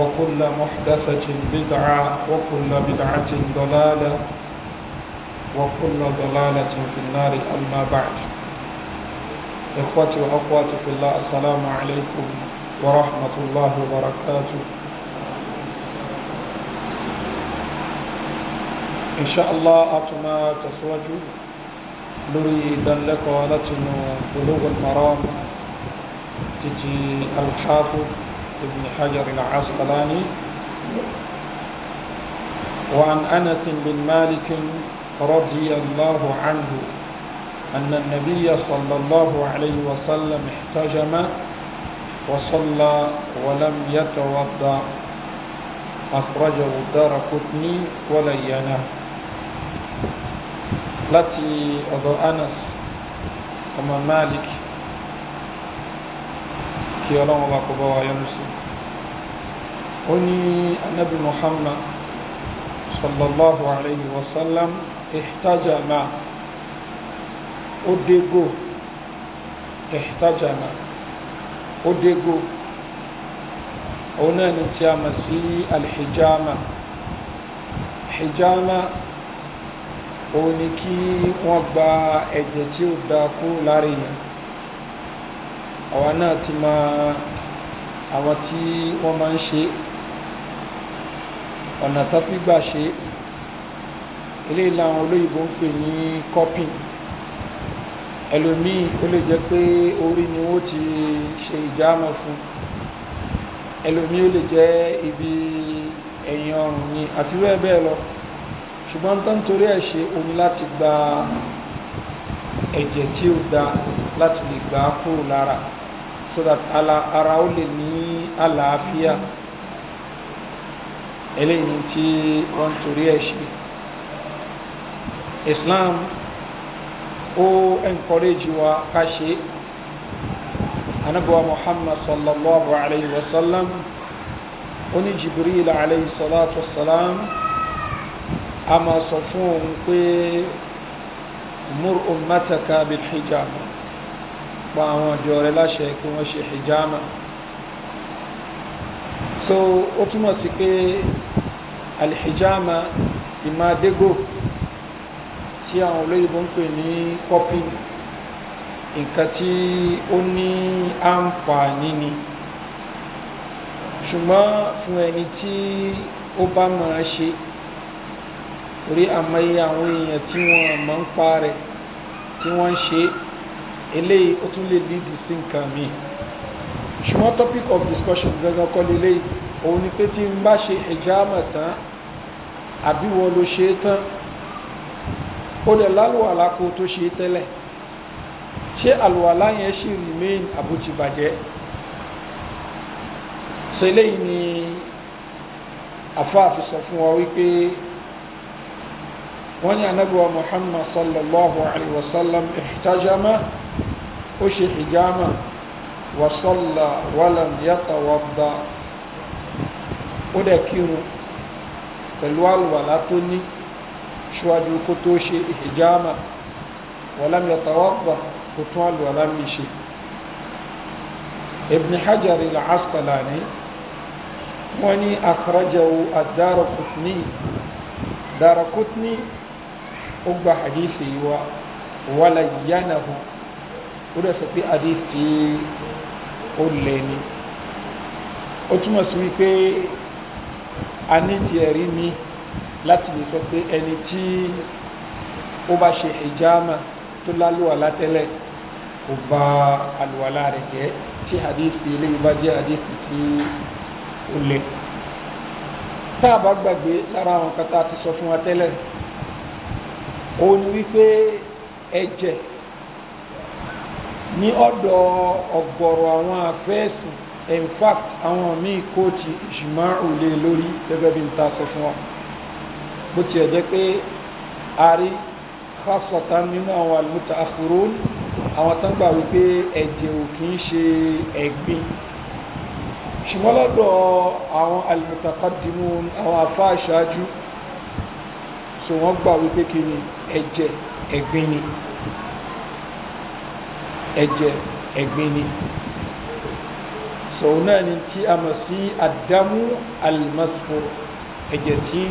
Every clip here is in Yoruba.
وكل محدثة بدعة وكل بدعة ضلالة وكل ضلالة في النار أما بعد إخوتي وأخواتي في الله السلام عليكم ورحمة الله وبركاته إن شاء الله أتما تسوج نريد لك ولتن بلوغ المرام تجي الحافظ بن حجر العسقلاني وعن أنس بن مالك رضي الله عنه أن النبي صلى الله عليه وسلم احتجم وصلى ولم يتوضأ أخرجه الدار قطني ولينه التي أبا أنس وما مالك كي يلوم يا مسلم ó ní anábì muhammad sallallahu alayhi wa sallam ihtajama ó dégò ihtajama ó dégò òun náà ni tí a mọ̀ sí alhijama hijama òun ni kí gba ẹ̀jẹ̀ tí ó da kú lára yẹn àwa náà ti máa àwọn tí wọ́n máa ń ṣe ọ̀nà tó fi gbà ṣe eléyìí làwọn olóyìnbó ń pè ní copying ẹlòmíì ó lè jẹ́ pé orí ni ó ti ṣe ìjámọ̀ fún ẹlòmíì ó lè jẹ́ ibi ẹ̀yìn ọrùn ni àti bẹ́ẹ̀ bẹ́ẹ̀ lọ ṣùgbọ́n tó ń torí ẹ̀ ṣe omi láti gba ẹ̀jẹ̀ tí ó da láti lè gbà á kúrò lára so that ara ó lè ní àlàáfíà. Mm -hmm eléyìí tí wọ́n torí ẹ̀ ṣe Islam ó encourage wa ká ṣe anabuwa Muhammad sallallahu alayhi wa sallam oní Jibril alayhi salatu wa salam a máa sọ fún òun pé mur ummataka bil hijama pa àwọn ọjọ́ rẹ̀ láṣẹ kí wọ́n ṣe hijama so ó túmọ̀ sí pé alhijama ìmàdégò tí àwọn olóyìnbó ń pè ní copy nǹkan tí ó ní àǹfààní ni ṣùgbọ́n fún ẹni tí ó bá máa ṣe orí àmọ́yé àwọn èèyàn tí wọ́n mọ̀ ń pa rẹ̀ tí wọ́n ń ṣe eléyìí ó tún lè lead sí nǹkan míì ṣùgbọ́n topic of discussion gangan kọ́ lélẹ́yìí òun ni pé tí n bá ṣe ìjámà tán àbí wọ́n ló ṣe é tán ó dẹ̀ lálùwàlá kó tó ṣe é tẹ́lẹ̀ ṣé àlùwàlá yẹn ṣì remain àbútí bàjẹ́ so eléyìí ni àfáàfi sọ fún wa wípé wọ́n ní anábíwá muhammad sallallahu alayhi wa sallam ihtajama ó ṣe ìjámà wa salla walam yatawadda ó dẹ̀ kírun pẹ̀lú àlùwàlá tó ní ṣíwájú kó tó ṣe ìhìjáàmà walam yatawadda kó tún àlùwàlá mi ṣe ibn hajar al-asqalani wọ́n ní akhrajahu ad-daraqutni daraqutni ó gba hadithi wa wala yanahu ó dẹ̀ sọ pé hadithi ó lẹ́ni ó túmọ̀ sí wípé a ní ti ẹ̀rí mi láti lè sọ pé ẹni tí ó bá ṣe hijama tó lálùwàlá tẹ́lẹ̀ kò bà àlùwàlá rẹ̀ jẹ́ tí hadithi eléyìí bá jẹ́ hadithi tí ó lè tá a bá gbàgbé lára àwọn kan tá a ti sọ fún wa tẹ́lẹ̀ òun ni wípé ẹ̀jẹ̀ ní ọ̀dọ̀ ọ̀gọ̀rọ̀ àwọn àfẹ́sùn in fact àwọn míì kóòtù ìṣùmọ́ òlé lórí gẹ́gẹ́ bí n ta sọ fún wa bó tiẹ̀ jẹ́ pé a rí khasatan nínú àwọn al-mutaakhirun àwọn tán gbà wípé ẹ̀jẹ̀ ò kì í ṣe ẹ̀gbin ṣùgbọ́n lọ́dọ̀ àwọn al-mutaqaddimun àwọn afá àṣáájú so wọ́n gbà wípé kí ni ẹ̀jẹ̀ ẹ̀gbin ni ẹ̀jẹ̀ ẹ̀gbin ni sòun náà ni tí a mọ̀ sí àdámú àlùmọ́sọ̀ ẹ̀jẹ̀ tí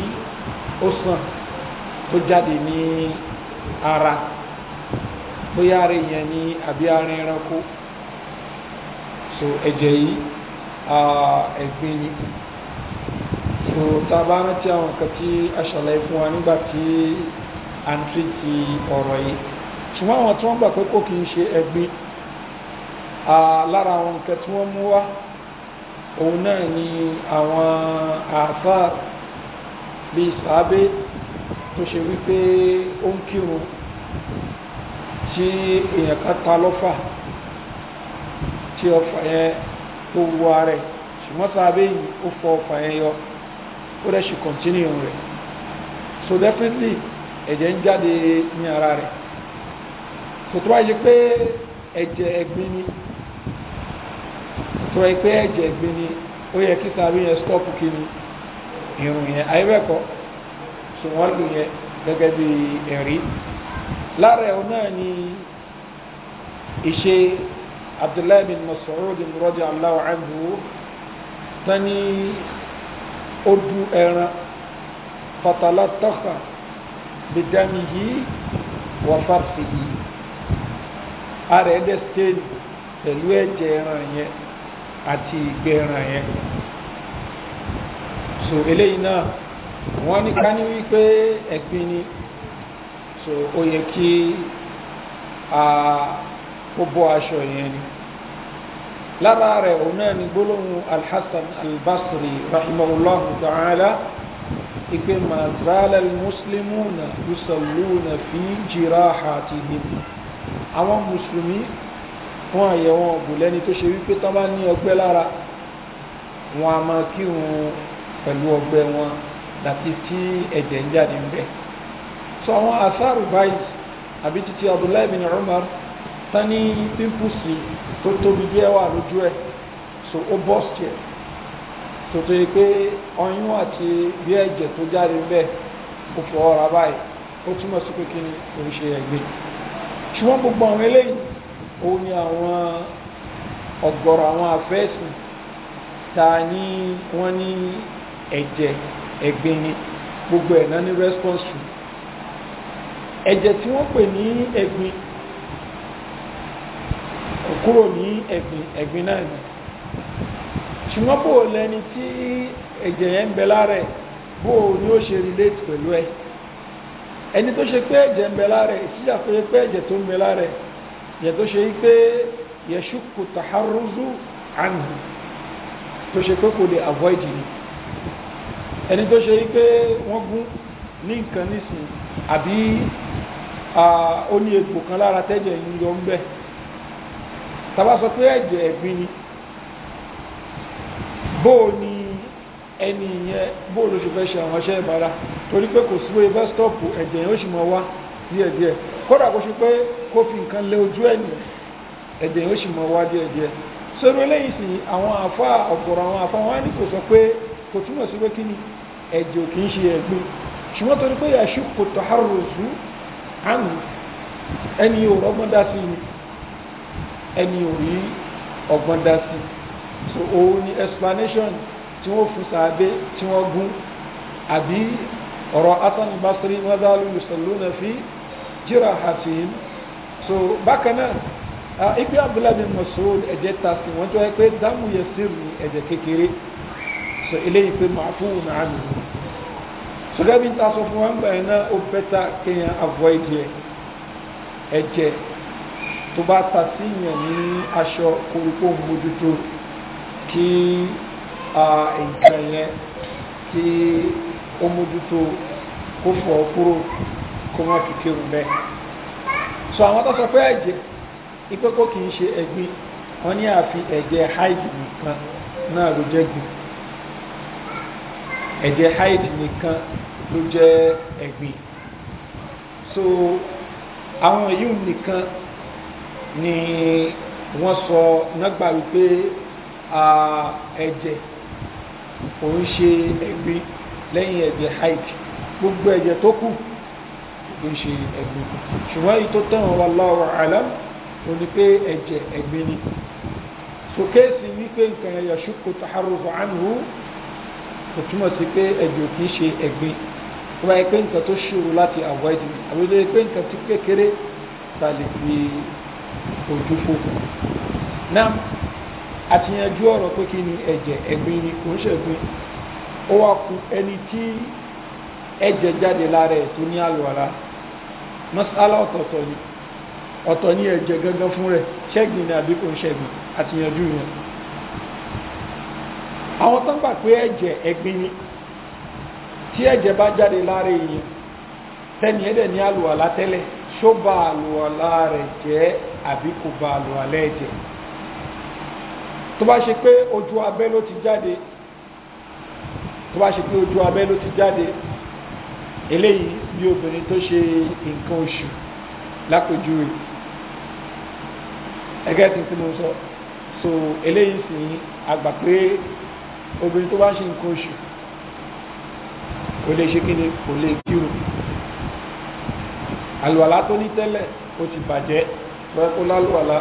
ó sàn tó jáde ní ara bóyá ara èèyàn ni àbí ara ẹranko so ẹ̀jẹ̀ yìí ẹ̀gbin ni so tá a bá àwọn nǹkan tí a ṣàlàyé wa nígbà tí à ń tìrìtì ọ̀rọ̀ yìí ṣùgbọ́n àwọn tí wọ́n gbà pé kò kì í ṣe ẹ̀gbin lára àwọn nǹkan tí wọ́n mú wá òun náà ni àwọn àfáà bíi sàábé tó ṣe wípé ó ń kírun tí èèyàn kan ta lọ́fà tí ọfà yẹn tó wu ara ẹ̀ ṣùgbọ́n sàábé yìí ó fọ ọfà yẹn yọ ó dẹ̀ ṣì kọ̀ntínú rẹ̀ so definitely ẹ̀jẹ̀ ń jáde ní ara rẹ̀ kò tó wáyé pé ẹ̀jẹ̀ ẹ̀gbin ni. So, tó yẹ pé ẹ̀jẹ̀ gbin ni ó yẹ kí sàárù yẹn stọ́ọ̀pù kí ni irun yẹn ayébẹ̀kọ́ sùnwọ́n lù yẹn gẹ́gẹ́ bí ẹ̀rí lára ẹ̀ náà ni ìṣe abdullahi bin mas'ud radiyallahu anhu tani ó du ẹran fatala tọ́ka bidamihi wa farsihi ara ẹ̀ dẹ́ stéèlì pẹ̀lú ẹ̀jẹ̀ ẹran yẹn àti ìgbẹ̀ràn yẹn so eléyìí náà wọ́n ní ká ní wípé ẹ̀gbin ni so ó yẹ kí ó bọ́ aṣọ yẹn ni lára rẹ̀ òun náà ni gbólóhùn alhassan albasri rahimahullahu ta'ala ipe mazala almuslimuna yusalluna fi jirahatihim àwọn mùsùlùmí fún àyẹ̀wò ọ̀bùlẹ́ni tó ṣe wípé tán bá ní ọgbẹ́ lára wọn a máa kírun pẹ̀lú ọgbẹ́ wọn láti tí ẹ̀jẹ̀ ń jáde ń bẹ̀. sọ àwọn àsáàrù báyìí àbí títí Abdullahi bin Umar tán ní pímpùsì tó tóbi díẹ̀ wà lójú ẹ̀ so ó bọ́ọ̀sì ẹ̀ tòtò yìí pé ọyún àti bí ẹ̀jẹ̀ tó jáde ń bẹ̀ ó fọ ọ̀rá báyìí ó túmọ̀ sí pé kí ni kò ṣe ẹ̀gbẹ́ ṣùgbọ́n gbogbo àwọn eléyìí òun ni àwọn ọ̀gọ̀rọ̀ àwọn afẹ́sùn ta ní wọ́n ní ẹ̀jẹ̀ ẹ̀gbin ni gbogbo ẹ̀ náà ní response to ẹ̀jẹ̀ tí wọ́n pè ní ẹ̀gbin kúrò ní ẹ̀gbin ẹ̀gbin náà ni ṣùgbọ́n bò lẹni tí ẹ̀jẹ̀ yẹn ń bẹ lára ẹ̀ bó o ó ṣe relate pẹ̀lú ẹ ẹni tó ṣe pé ẹ̀jẹ̀ ń bẹ lára ẹ̀ ìṣíjà tó ṣe pé ẹ̀jẹ̀ tó ń bẹ lára ẹ̀ yẹ tó ṣe pé yẹṣùkù tàhárùzù àǹhù tó ṣe pé kò lè avoid ni ẹni tó ṣe pé wọ́n gún ní nǹkan nísìn àbí ó ní egbò kan lára tẹ́jẹ̀ ń yọ ń bẹ̀ tàbá sọ pé ẹ̀jẹ̀ ẹ̀gbin ni bóò ni ẹni yẹn bóò ló ṣe fẹ́ ṣe àwọn iṣẹ́ ìbára torí pé kò sí wọ́n ibẹ́ stọ́ọ̀pù ẹ̀jẹ̀ yẹn ó sì mọ̀ wá díẹ̀díẹ̀ kódà kó ṣe pé kó fi nǹkan lé ojú ẹ̀yìn ẹ̀dẹ̀ ó sì mọ wá díẹ̀díẹ̀ sọ̀rọ̀ eléyìí sì àwọn àfa ọ̀gọ̀rọ̀ àwọn àfa wọn á ní kò sọ pé kò túmọ̀ sí pé kí ni ẹ̀jẹ̀ ò kì í ṣe ẹ̀gbin ṣùgbọ́n torí pé yàṣù kò tọ̀hárọ̀sù àmì ẹni ò rọ́gbọ́n dá sí ni ẹni ò rí ọgbọ́n dá sí so òun ni explanation tí wọ́n fún sàábé tí wọ́n gún àbí ọ̀rọ̀ asan basiri wọ́n dá lùsọ̀lú náà fi jiraha fihim so bakana, náà ipe abdullahi bin masoud ẹ̀jẹ̀ ta sí wọ́n pé dáàmú yẹ sírù kékeré so eléyìí pé màfúù náà nù sọdọ́bí ń ta fún wọn gbà yẹn náà ó bẹ́ta kéèyàn avoid yẹ ẹ̀jẹ̀ tó bá ta yẹn ní aṣọ mójútó kí nǹkan yẹn kó wọ́n fi kírun bẹ́ẹ̀ so àwọn tó sọ pé ẹ̀jẹ̀ ipe kó kì í ṣe ẹ̀gbin wọ́n ní àfi ẹ̀jẹ̀ haid nìkan náà ló jẹ́ gbin ẹ̀jẹ̀ haid nìkan ló jẹ́ ẹ̀gbin so àwọn yìí nìkan ni wọ́n sọ nígbà wípé ẹ̀jẹ̀ òun ṣe ẹ̀gbin lẹ́yìn ẹ̀jẹ̀ haid gbogbo ẹ̀jẹ̀ tó kù kì í ṣe ẹ̀gbin ṣùgbọ́n èyí tó tẹ̀wọ̀n wallahu alam ò ní pé ẹ̀jẹ̀ ẹ̀gbin ni so kéèsì wípé nǹkan yashuku taharrufu anhu kò túmọ̀ sí pé ẹ̀jẹ̀ kì í ṣe ẹ̀gbin tó bá yẹ pé nǹkan tó ṣòro láti avoid ni àbí tó yẹ pé nǹkan tí kékeré ta lè fi ojú fò náà àtìyànjú ọ̀rọ̀ pé kí ni ẹ̀jẹ̀ ẹ̀gbin ni kò ń ṣẹ̀gbin ó wá ku ẹni tí ẹ̀jẹ̀ jáde lára ẹ̀ tó ní àlùwàlá masala ọ̀tọ̀ọ̀tọ̀ ni ọ̀tọ̀ ní ẹ̀jẹ̀ gangan fún rẹ̀ ṣẹ́gbìn ni àbí kò ń ṣẹ́gbìn àti yanjú àwọn tán gbà pé ẹ̀jẹ̀ ẹ̀gbin ni tí ẹ̀jẹ̀ bá jáde lára èèyàn tẹ́ni ẹ̀dẹ̀ ní àlùwàlá tẹ́lẹ̀ ṣó ba àlùwàlá rẹ̀ jẹ́ àbí kò ba àlùwàlá ẹ̀jẹ̀ tó bá ṣe pé ojú abẹ́ ló ti jáde tó bá ṣe pé ojú abẹ́ ló ti jáde eléyìí bí obìnrin tó ṣe nǹkan oṣù lápèjúwe ẹgẹ́ tí tí mo sọ so eléyìí sì ń àgbà pé obìnrin tó bá ṣe nǹkan oṣù kò lè ṣe kíni kò lè kírun àlùwàlá tó ní tẹ́lẹ̀ ó ti bàjẹ́ lọ́wọ́ kó lálùwàlá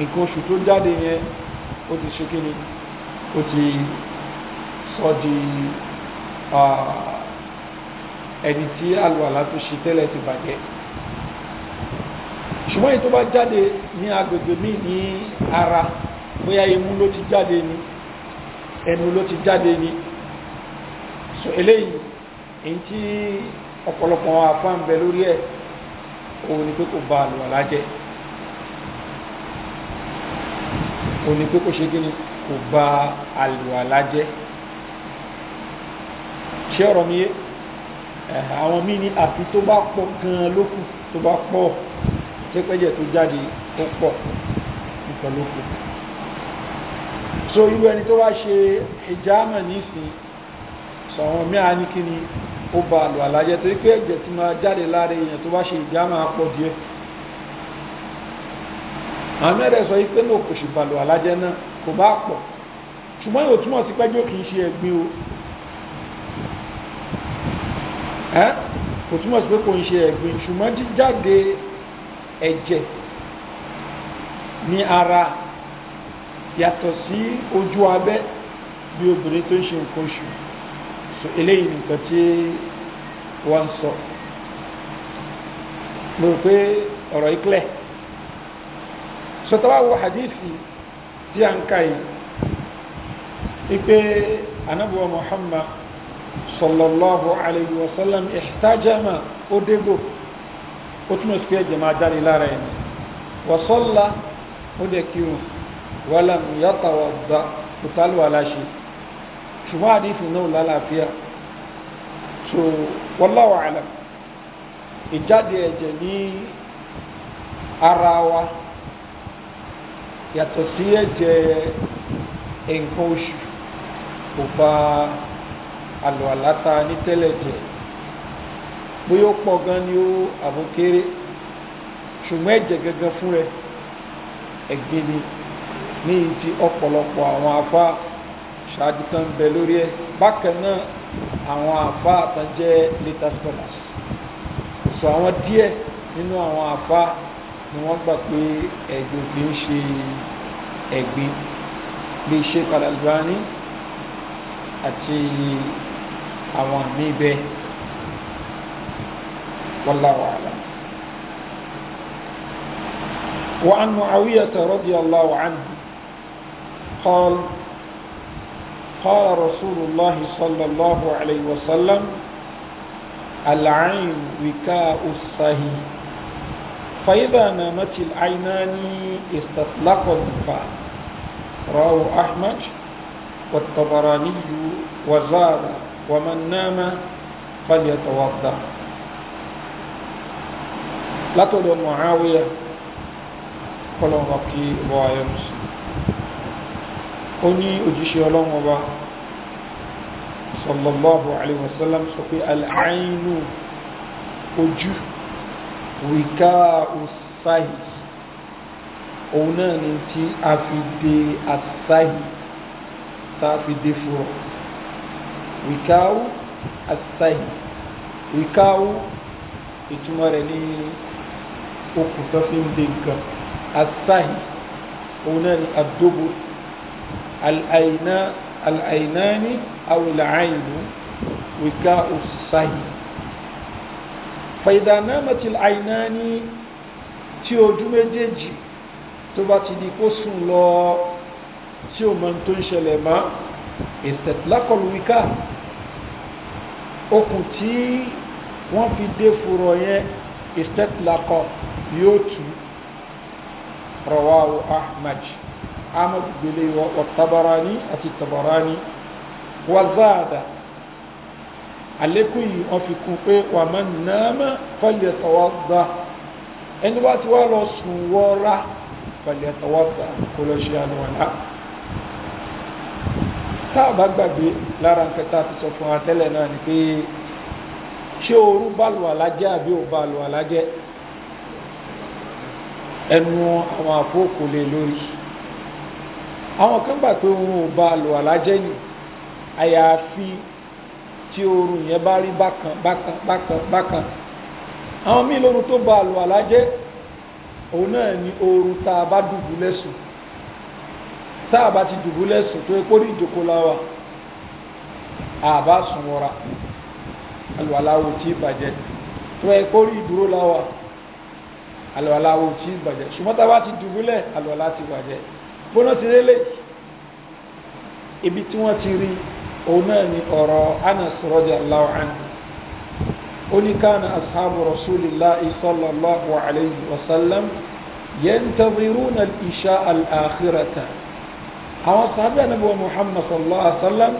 nǹkan oṣù tó jáde yẹn ó ti ṣe kíni ó ti sọ di. Uh, ẹni tí àlùwàlá tó ṣe tẹ́lẹ̀ ti bàjẹ́ ṣùgbọ́n èyí tó bá jáde ní agbègbè míì ní ara bóyá imú ló ti jáde ni ẹnu ló ti jáde ni so eléyìí èyí tí ọ̀pọ̀lọpọ̀ afọ́ ń bẹ lórí ẹ̀ òun ni pé kò ba àlùwàlá jẹ́ òun ni pé kò ṣe gíní kò ba àlùwàlá jẹ́ ṣé ọ̀rọ̀ mi yé àwọn míì ní àfi tó bá pọ̀ gan lókù tó bá pọ̀ tẹ́pẹ́jẹ́ tó jáde ó pọ̀ nǹkan lókù so irú ẹni tó wá ṣe ìjáàmà nísìn sọ̀rọ̀ míà ní kí ni ó ba àlò àlàjẹ́ torí pé ẹ̀jẹ̀ tí máa jáde láre èèyàn tó bá ṣe ìjáàmà pọ̀ díẹ̀ àmẹ́rẹ̀ sọ pé náà kò ṣùgbàlò àlàjẹ́ náà kò bá pọ̀ ṣùgbọ́n yóò túmọ̀ sí pẹ́jọ́ kì í ṣe ẹ̀gbin o ẹ́ kò túmọ̀ sí pé kò ń ṣe ẹ̀gbin ṣùgbọ́n jíjáde ẹ̀jẹ̀ ní ara yàtọ̀ sí ojú abẹ́ bí obìnrin tó ń ṣe nǹkan oṣù so eléyìí nìkan tí wọ́n ń sọ mo rò pé ọ̀rọ̀ ìpìlẹ̀ sọtọ́wá wo hadithi tí a ń ka yìí wípé anábùwà Muhammad sallallahu alayhi wa sallam ihtajama ó dégò ó túnmọ̀ sí pé ẹ̀jẹ̀ máa jáde lára ẹni wa salla ó dẹ̀ kírun walam yatawadda kò tálù aláṣẹ ṣùgbọ́n àdífì náà lálàáfíà so wallahu alam ìjáde ẹ̀jẹ̀ ní ara wa yàtọ̀ sí ẹ̀jẹ̀ nǹkan oṣù kò bá a àlùwàlá ní tẹ́lẹ̀ jẹ bóyá ó pọ̀ gan ni ó àbókéré ṣùgbọ́n ẹ̀jẹ̀ gẹ́gẹ́ fún rẹ ẹ̀gbin ni ní ti ọ̀pọ̀lọpọ̀ àwọn afá ṣáájú tán bẹ lórí ẹ bákan náà àwọn afá àtàjẹ later scholars sọ àwọn díẹ̀ nínú àwọn afá ni wọ́n gbà pé ẹ̀gbin kì í ṣe ẹ̀gbin bíi Sheikh Al-Albani àti àwọn míì bẹ́ẹ̀ wallahu a'lam. وعن معاوية رضي الله عنه قال قال رسول الله صلى الله عليه وسلم العين وكاء السهي فإذا نامت العينان استطلق النفاق رواه أحمد والطبراني وزاد ومن نام فليتوضا látọ̀dọ̀ Muawiya kọlọ̀wọ̀ kí ọba ayọ́mùsù ó ní òjíṣẹ́ ọlọ́wọ̀ bá sallallahu alaihi wasallam sọ pé al'ainu ojú wíká òsáhì òun náà ni tí a fi dé àsáhì tá a fi dé fúrọ̀ wíkáwù àtàyè wíkáwù ìtumọ̀ rẹ̀ ní okùn tó fi ń de nǹkan àtàyè òun náà ni àdóbò àlàyìnà àlàyìnà ní àwòlàáyìnú wíkáwù sáyè fàyídà náà mọ̀ tí àlàyìnà ní tí ojú ti di kó sùn lọ tí o mọ̀ tó ń ṣẹlẹ̀ mọ́ ìsẹ̀tìlákọ̀lù wíkáwù okùn tí wọ́n fi dé fúrọ̀ yẹn ìstẹ́tìlákọ̀ yóò tú rọwáwò ahmad ahmad gbélé wọ tabarani àti tabarani wàzáàdà àlékún yìí wọ́n fi kún pé wà máa nàámà fọlẹ̀ tọwọ́gbà ẹni wá ti wá lọ sùn wọ́ra fọlẹ̀ tọwọ́gbà kó lọ ṣe àlùwàlá tá a bá gbàgbé lára nǹkan tá a ti sọ fún wa tẹ́lẹ̀ náà ni pé ṣé ooru bá lu àlájẹ́ àbí ò bá lu àlájẹ́ ẹnu àwọn àfókò lè lórí àwọn kan gbà pé òun ò bá lu àlájẹ́ ni àyàfi tí ooru yẹn bá rí bákan bákan bákan bákan àwọn míì lóru tó bá lu àlájẹ́ òun náà ni ooru tá a bá dùbúlẹ̀ sùn tá a bá ti dùbúlẹ̀ sùn tó epo ní ìjòkó láwà àbá sùn wọra alùwàláwo tí ì bàjẹ́ tó epo ní ìdúró láwà alùwàláwo tí ì bàjẹ́ ṣùgbọ́n tá a bá ti dùbúlẹ̀ alùwàlá ti bàjẹ́ gbóná ti rélé ibi tí wọ́n ti rí òun náà ni ọ̀rọ̀ Anas radiyallahu anhu ó ní kana ashabu rasulillahi sallallahu alayhi wa sallam yantaziruna al-isha al-akhirata àwọn sàbí ànábì wa muhammad sallallahu alaihi wa sallam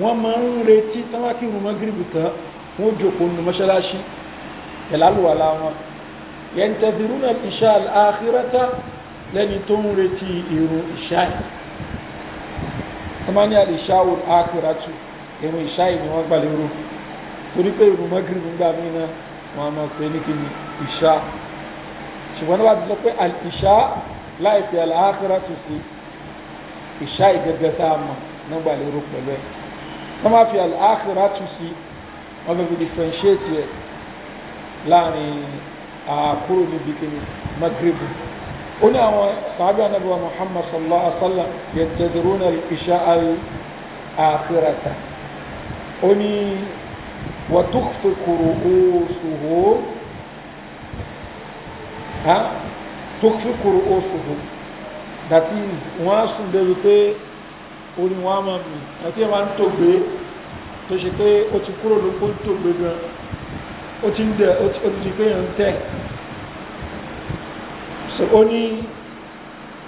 wọ́n máa ń retí táwákì rùn maghrib tán wọ́n jòkó nù mọ́ṣáláṣí ìlàlùwàlá wọn yantaziruna ìṣá àkhírata lẹ́ni tó ń retí irun ìṣá yìí tọ́mání àlìṣá òun àkhíratu irun ìṣá yìí ni wọ́n gbà lérò torí pé irun maghrib gbà mí náà wọ́n á máa pè é ní kí ṣùgbọ́n náà sọ pé àlìṣá láì fi àlàáfíà tó sí i ìṣá ìgẹ́gẹ́ tá a mọ̀ nígbà lérò pẹ̀lú ẹ̀ wọ́n máa fi àkìrà tù sí wọ́n fẹ́ fi differentiate ẹ̀ láàrin àkúrò níbi kìíní magrib ó ní àwọn sàábì anábíwá muhammad sallallahu alaihi wa sallam yantaziruna al-isha al-akhirata ó ní wa tukhfi ru'usuhum ha tukhfi ru'usuhum that is wọ́n á sùn débi pé orí wọn á máa mì àti ẹ̀ máa ń tògbé tó ṣe pé ó ti kúrò lóko ń tògbé gan ó ti ń dẹ̀ ó ti pé yẹn tẹ̀ so ó ní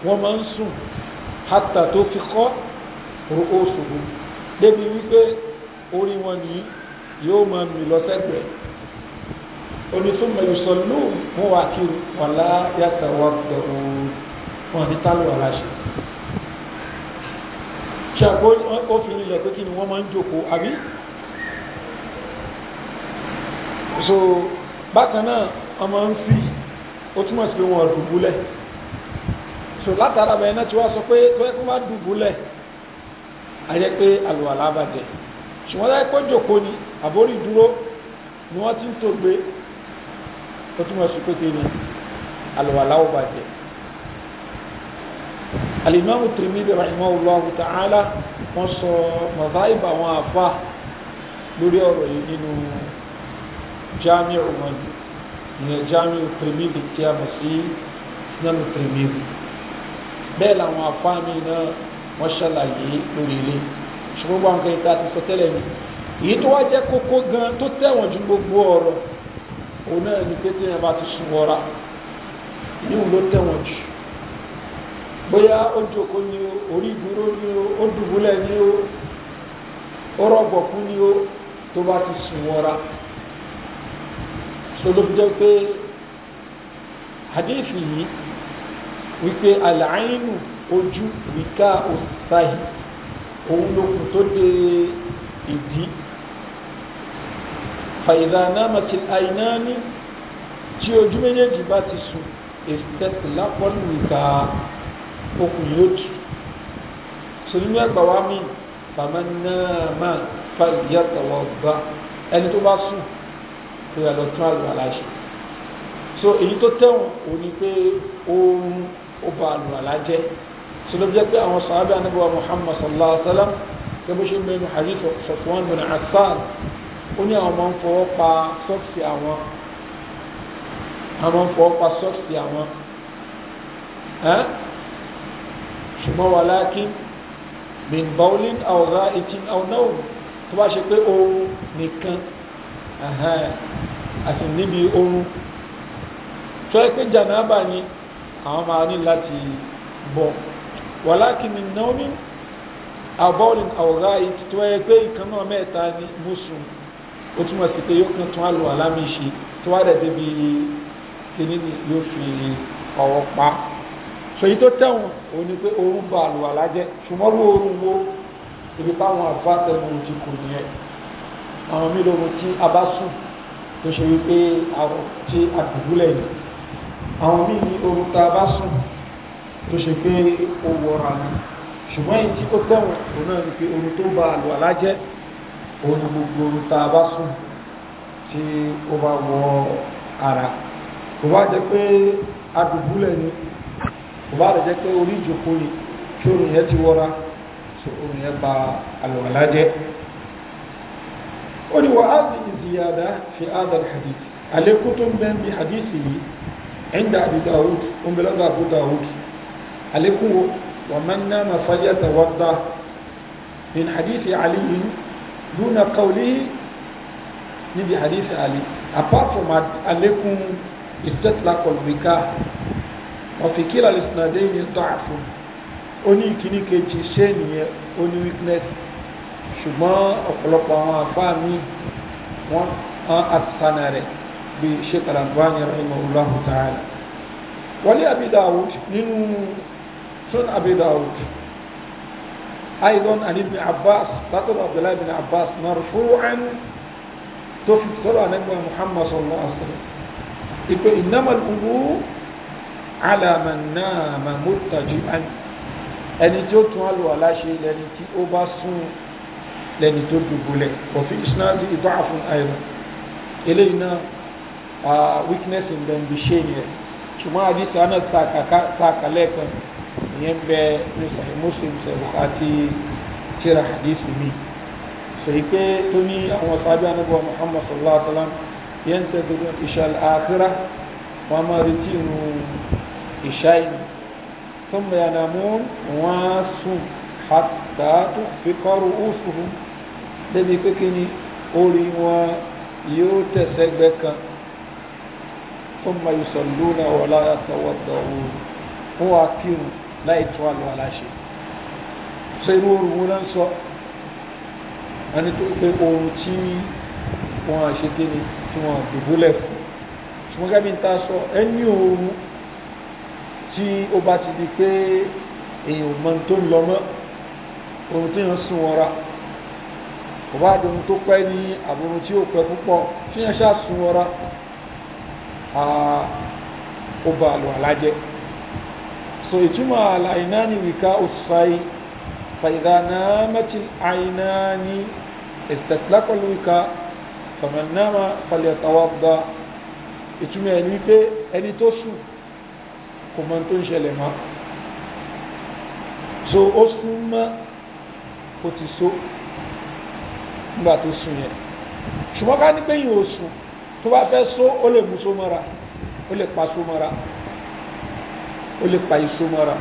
wọ́n máa ń sùn hátà tó fi kọ́ orúkọ òṣòro débi wípé orí wọn ní yóò máa mì lọ́sẹ̀gbẹ̀ẹ́ onífúnmọ̀ ìsọ̀lú wọn wà wàlá yàtọ̀ wọ́n wọn ní tálù aláṣẹ ṣàgbó ó fi nílẹ̀ pé kí ni wọ́n máa ń jókòó àbí so bákan náà ọmọ ń fi ó túmọ̀ sí pé wọn dùbúlẹ̀ so látara bẹ̀rẹ̀ náà tí wọ́n sọ pé tó yẹ kó má dùbúlẹ̀ ayẹ pé àlùwàlá bàjẹ́ ṣùgbọ́n láyé pé jókòó ni àbórí dúró ni wọ́n ti ń tó gbé ó túmọ̀ sí pé kí ni àlùwàlá ó alimami Tirmidhi rahimahullahu ta'ala wọ́n sọ mọ̀dáìbà wọn àfà lórí ọ̀rọ̀ yìí nínú jamiu wọn ìyẹn jamiu Tirmidhi tí a mọ̀ sí sinamu Tirmidhi bẹ́ẹ̀ làwọn àfà mi náà wọ́n ṣàlàyé lórí ilé ṣùgbọ́n wọn kàn ìta ti sọ tẹ́lẹ̀ mi èyí tó wá jẹ́ kókó gan tó tẹ̀wọ̀n ju gbogbo ọ̀rọ̀ òun náà ni pété yẹn bá ti sùn wọ́ra yíwù ló tẹ̀wọ̀n jù bóyá ó jòkó ni o orí ìdúró ni o ó dùbúlẹ̀ ni o ó rọ̀gbọ̀kú ni o tó bá ti sùn wọra sọlọ́ fi jẹ́ pé hadith yìí wípé àlàáìnù ojú wíká òsáì òun lókun tó de ìdí fàyìlà námàtí àìnáni tí ojú méjèèjì bá ti sùn èsìtẹ́sì lápọ́nù wíká òsáì okùn yóò tù so nínú ẹgbà wa mi bàmá náà máa fa ìyàtọ̀wọ̀ bá ẹni tó bá sùn kó yà tún àlùwà láṣẹ so èyí tó tẹ̀wọ̀n ò ní pé oorun ó ba àlùwà lájẹ́ so ló jẹ́ pé àwọn sàábẹ́ anábíwá Muhammad sallallahu alaihi wa sallam gẹ́gẹ́ ṣe mẹ́nu hadith Safwan bin Affan ó ní àwọn máa ń fọwọ́ pa sọ́ọ̀sì àwọn àwọn máa ń fọwọ́ pa sọ́ọ̀sì àwọn ṣùgbọ́n wà láàkí min bowling ọ̀rá ìtìn ọ̀nà tó bá ṣe pé oorun nìkan àti níbi oorun tó ẹ pé jànáàbà ni àwọn máa ní láti bọ̀ wà láàkí min naomi abọ́ọ̀lìn ọ̀rá ìtìn tó ẹ pé ìkan náà mẹ́ta ni mùsùlùm ó túmọ̀ sí pé yóò kan tún á lo ṣe tó wá dẹ̀ débi kíní yóò fi ọwọ́ pa ṣèyí tó tẹ̀wọ̀n ó ní pé oorun bá àlùwàlá jẹ́ ṣùgbọ́n bí oorun wo ibi táwọn àfa tẹnu ti kù nìyẹn àwọn mélòó tí a bá sùn tó ṣe wípé tí a dùbúlẹ̀ ni àwọn míì ní oorun tá a bá sùn tó ṣe pé ó wọra ni ṣùgbọ́n èyí tí ó tẹ̀wọ̀n òun náà ni pé oorun tó bá àlùwàlá jẹ́ òun gbogbo oorun tá a bá sùn tí ó bá wọ ara kò wá jẹ́ pé a dùbúlẹ̀ ni. kò bá rẹ̀ jẹ́ pé orí ìjòkó ni tí orin yẹn ti wọ́ra so orin yẹn ba àlùwàlá jẹ́ ó ní wà á di ìzìyàdá fi ádàl hadith àlékún tó ń bẹ́ ń bi hadith yìí ẹ̀ńdà Abu Dawud ń bẹ lọ́dọ̀ Abu Dawud àlékún wo wà máa ń náà máa fàyà tàwọ́dà min hadith Ali dúnà kawlí níbi hadith Ali apart from àlékún ìtẹ́tìlákọ̀lùmíkà ọ̀fì kí lálẹ́ sinadé ní dáàfù ó ní ìkíní kejì ṣé nìyẹn ó ní weakness ṣùgbọ́n ọ̀pọ̀lọpọ̀ àwọn àfáà mi wọ́n án àtisánà rẹ̀ bíi Sheikh Al-Albani rahimahullahu ta'ala wọlé Abi nínú sun Abi Dawud أيضا عن ابن عباس لقب عبد الله بن عباس مرفوعا تفسر عن محمد صلى الله عليه وسلم إنما الأمور alamana mọ̀tàjú ẹni tí ó tún alò aláṣẹ lẹni tí ó bá sún lẹni tó dùbúlẹ̀ òfin isnadi ìtọ́ àfún eléyìí náà weakness in them be shame yẹn ṣùgbọ́n àdìsí àná sàkàlẹ̀ kan ìyẹn bẹ nísàlẹ̀ muslim sẹ̀rùkà àti tíra àdìsí mi sèyí pé tó ní àwọn sábẹ́ anábọ̀ muhammad sallallahu alayhi wa sallam yẹn tẹ́ tó ní ìṣàlẹ̀ àkírà wọn máa retí ìrùn ìṣáì thumma yanamun wọ́n sùn hatta tukhfiqa ru'usuhum débi pé kí ni orí wọn yóò tẹ̀sẹ̀gbẹ́ kan thumma yusalluna wala yatawadda'un fún wa kírun láì tún àlọ́ aláṣẹ ṣe irú oorun wọn náà sọ wọn ni tó pé oorun tí wọn àṣekí ni tí wọn dùbúlẹ̀ fún ṣùgbọ́n gẹ́gẹ́ bí n ta sọ ẹni oorun tí ó bá ti di pé èèyàn mọ tó ń lọ mọ́ ohun tí yàn sùn wọra kò bá dùn tó pẹ́ ní àbúrò tí ó pẹ́ púpọ̀ tí yàn ṣáà sùn wọra ó ba àlọ́ àlájẹ́ so ìtumọ̀ àlàyé wìká òṣìṣàì fàìdá mẹ́tì àìná ní ìsẹ̀tìlápọ̀ fàmẹ́nàmà fàlẹ̀ tàwàbdà ìtumọ̀ ẹni pé ẹni tó sùn kò mọ tó ń ṣẹlẹ̀ mọ́ so ó sún mọ́ ó ti so nígbà tó sùn yẹn ṣùgbọ́n ká ní pé yìí ò sùn tó bá fẹ́ so ó lè mú so mọ́ra ó lè pa so mọ́ra ó lè pa iso mọ́ra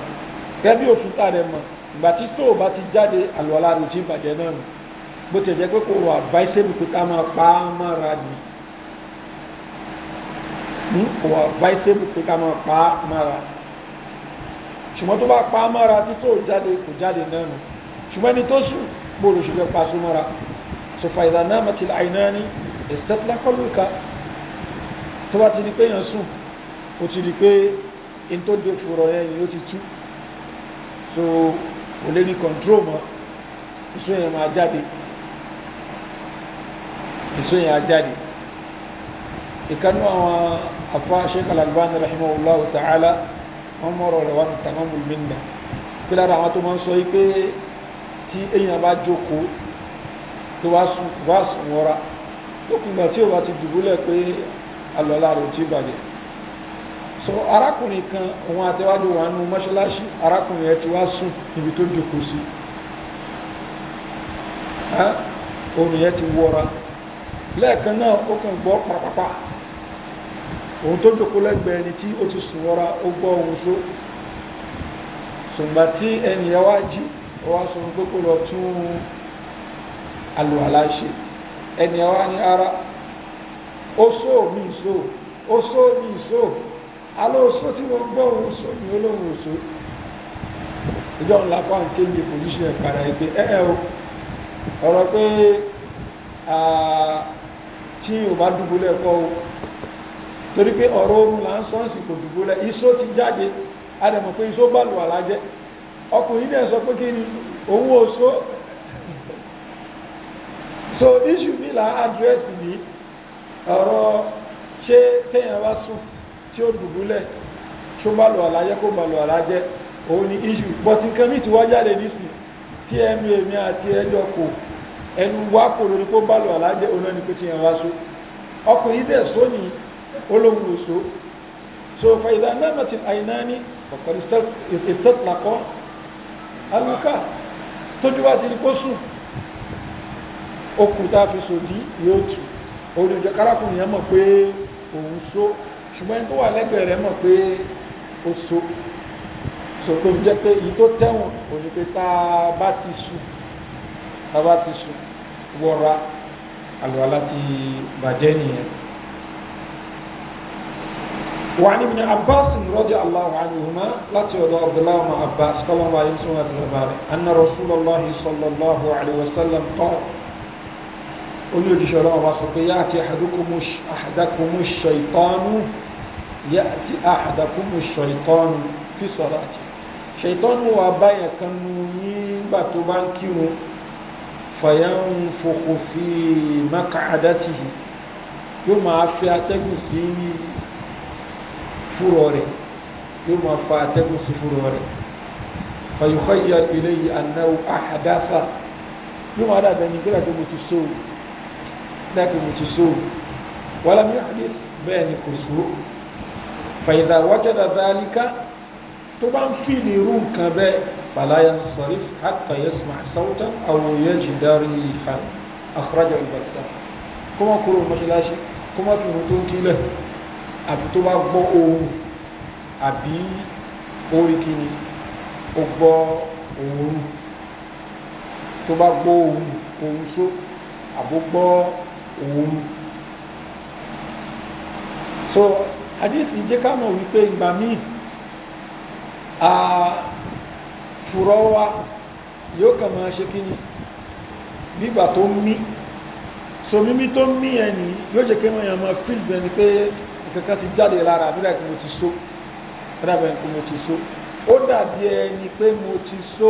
gẹ́gẹ́ bí òtútà rẹ̀ mọ̀ ìgbà tí tó o bá ti jáde àlùwalá rẹ̀ jí ìbàjẹ́ náà nù bó ti jẹ́ pé kò wà báísẹ́bù pé ká máa pa á mọ́ra nìyí ní hmm? ọwọ́ viable pé ká máa pa á mára ṣùgbọ́n tó bá pa á mára tí tó jáde kò jáde náà nù ṣùgbọ́n ẹni tó sùn bóòlù ṣùgbọ́n pa sún mọ́ra sọfà ìlànà àmàtìlá àìná ní ìsẹ́tìlá kọlùkà tó bá ti di pé yàn sùn ó ti di pé in tó dé fòrọ̀ yẹn yóò ti tú so kò lè ní kọ̀ǹtró mọ́ ìṣó yẹn máa jáde ìṣó yẹn á jáde ìkanú àwọn afa sheikh al-albani rahimahullahu ta'ala wọn mọ̀rọ̀ rẹ̀ wà ní tamamul minna pé lára àwọn tó máa ń sọ yìí pé tí èèyàn bá jókòó tó wá sùn wá sùn wọ́ra ó kùn gbà tí ó wá ti dùbúlẹ̀ pé alọ́lá rẹ̀ ò tí bàjẹ́ so arákùnrin kan òun àtẹ́wájú wà nù mọ́ṣáláṣí arákùnrin ẹ̀ ti wá sùn níbi tó jókòó sí omi yẹn ti wọ́ra lẹ́ẹ̀kan náà ó kàn gbọ́ pàpàpà òun tó jòkó lẹ́gbẹ̀ẹ́ ẹni tí ó ti sùn wọ́ra ó gbọ́ ohun só ṣùgbọ́n tí ẹnìyẹn wá jí ó wá sọ pé kó lọ tún àlùwàlá ṣe ẹnìyẹn wá ní ara ó só mi só ó só mi só aló só tí wọ́n gbọ́ ohun só ni olóhùn só ìjọ ńlá pa nké ní pòlíṣìn ẹ̀ padà ẹ̀ pé o ọ̀rọ̀ pé tí o bá dúpọ̀ lẹ́kọ̀ọ́ o. torí pé ọ̀rọ̀ oorun là ń sọ sí kò dùgbò iṣó ti jáde adẹ̀mọ̀ pé iṣó bá lù àlájẹ́ ọkùnrin náà sọ pé kí ni òun ò so issue mi là ń address ní ọ̀rọ̀ ṣé téèyàn bá sùn tí ó dùgbò lẹ̀ ṣó bá lù àlájẹ́ kó bá lù àlájẹ́ òun ni issue but nǹkan mi ti wá jáde nísìnyí tí ẹnu èmi àti ẹjọ́ kò ẹnu wá kò lórí kó bá lù òun náà ni kò ti olóhùn oṣù so fàyídà nàmàtì àìnáni ọ̀pọ̀ ìtẹ́tìlákọ́ alùkà tójú wá ti ní kó sùn okùn tá a fi sòdí yóò tù olùjọ kárákùnrin yẹn mọ̀ pé òun so ṣùgbọ́n ẹni tó wà lẹ́gbẹ̀ẹ́ rẹ̀ mọ̀ pé ó so sọ̀tò jẹ́ pé èyí tó tẹ̀wọ̀n òní pé tá a bá ti sùn tá a bá ti sùn wọ́ra àlọ́ láti bàjẹ́ nìyẹn. وعن ابن عباس رضي الله عنهما لا تيود عبد الله بن عباس قال ما ينسون الغبار أن رسول الله صلى الله عليه وسلم قال قل يجي الله يأتي أحدكم أحدكم الشيطان يأتي أحدكم الشيطان في صلاته شيطان هو أبايا كنوني باتبان كيو فينفخ في مقعدته يوم عفياتك سيني fúrọ̀ rẹ̀ yóò máa fa atẹ́gùn sí fúrọ̀ rẹ̀ fàyọ̀kọ́ yìí àgbélé yìí anáwó àdáfà yóò máa dàbẹ̀ ní kí láti mo ti so láti mo ti so wàhálà mi àdé bẹ́ẹ̀ ni kò so fàyìdà wájàdà dáríká tó bá ń fi ní irú nǹkan bẹ́ẹ̀ fàlàyé sọ̀rí àtàyẹ̀sùn àṣàwùtà àwọn ìyẹ́jì dárí ìhà àkúrájà ìbàdàn kó má kúrò mọ́ṣáláṣí kó má fi hùn àbí tó bá gbọ́ ohun àbí orí kìíní ó gbọ́ òórùn tó bá gbọ́ ohun ohun só àbó gbọ́ òórùn so àdéhùn ìjẹ́ ká mọ̀ wípé ìgbà míì àfùrọ̀ wa yóò kàn máa ṣe kí ni nígbà tó mí so mímí tó ń mí ẹni yóò jẹ́ kí wọ́n yàn máa fíìlì bẹ́ẹ̀ ni pé ìkankan ti jáde lára àbílẹ̀ kí mo ti so rẹ́bẹ̀ kí mo ti so ó dàbí ẹni pé mo ti so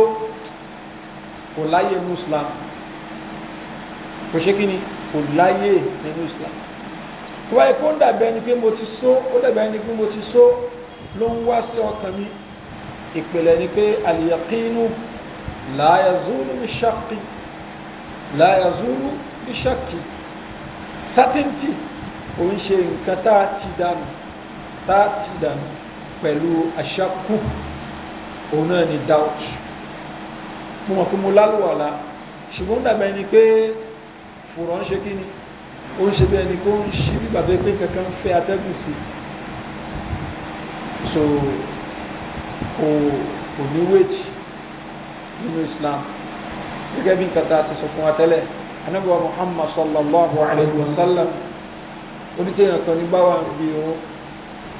kò láyé nínú Islam kò ṣe kí ni kò láyé nínú Islam tó báyìí kó dàbí ẹni pé mo ti so ó dàbí ẹni pé mo ti so ló ń wá sí ọkàn mi ìpìlẹ̀ ni pé al-yaqinu la yazulu bi shakki la yazulu bi shakki ó ń ṣe nǹkan tá a ti dànù tá a ti dànù pẹ̀lú aṣáku òun náà ni doubt mo mọ̀ pé mo lálùwàlà ṣùgbọ́n dàbẹ̀ ni pé fòrọ̀ ń ṣe kí ni ó ń ṣe bí ẹni kó ń ṣí bí bàbá pé kankan fẹ́ atẹ́gùn sí so kò kò ní wéjì nínú Islam gẹ́gẹ́ bí nǹkan tá a ti sọ fún wa tẹ́lẹ̀ anábọ̀ Muhammad sallallahu alayhi wa sallam onítẹ̀yàn kan ní báwa ń bí wọn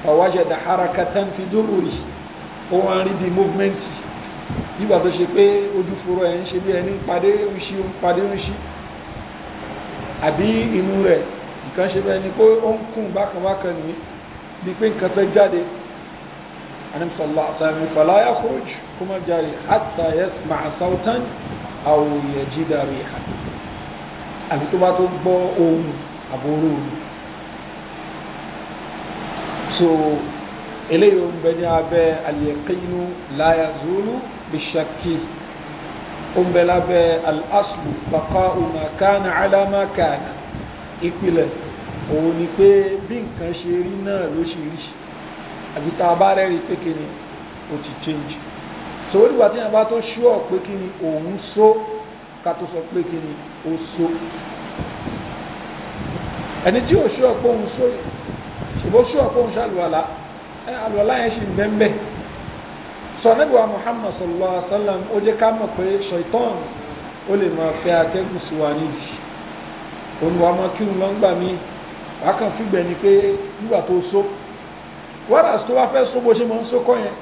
fàwájẹ̀dà harakatan fi dúró rí ohun àrí di movement nígbà tó ṣe pé ojú fúró ẹ̀ ń ṣe bí ẹni padé ń ṣí ń padé ń ṣí àbí inú rẹ̀ nǹkan ṣe bẹ́ẹ̀ ni pé ó ń kún bákanbákan ní bí pé nǹkan fẹ́ jáde anamsọ̀lá àtàmì fàlàyà kúròjù kó má jáde hatta yasma'a sautan aw yajida riha àbí tó bá tó gbọ́ ohun àbóró ohun so eléyìí ń bẹ ní abẹ́ al-yaqinu la yazulu bishakki ó ń bẹ lábẹ́ al-aslu baqa'u ma kana ala ma kana ìpìlẹ̀ òun ni pé bí nǹkan ṣe rí náà ló ṣe rí àbí ni ó ti change so ó dìgbà tí yàn bá tó ṣúọ̀ pé kí ni òun só ká tó sọ pé kí ni ó só ẹni tí ò ṣúọ̀ pé òun só yìí ṣùgbọ́n ṣùgbọ́n fún ṣàlùwàlá àlùwàlá yẹn ṣì ń bẹ́ ń bẹ́ sọ nígbà Muhammad sallallahu alaihi wa sallam ó jẹ́ ká mọ̀ pé ṣaitan ó lè máa fẹ́ atẹ́gùn sí wa níbi olùwà máa kírun lọ́ ń gbà mí wàá kàn fígbẹ̀ ni pé nígbà tó so wàrà tó wá fẹ́ so bó ṣe máa ń so kọ́ yẹn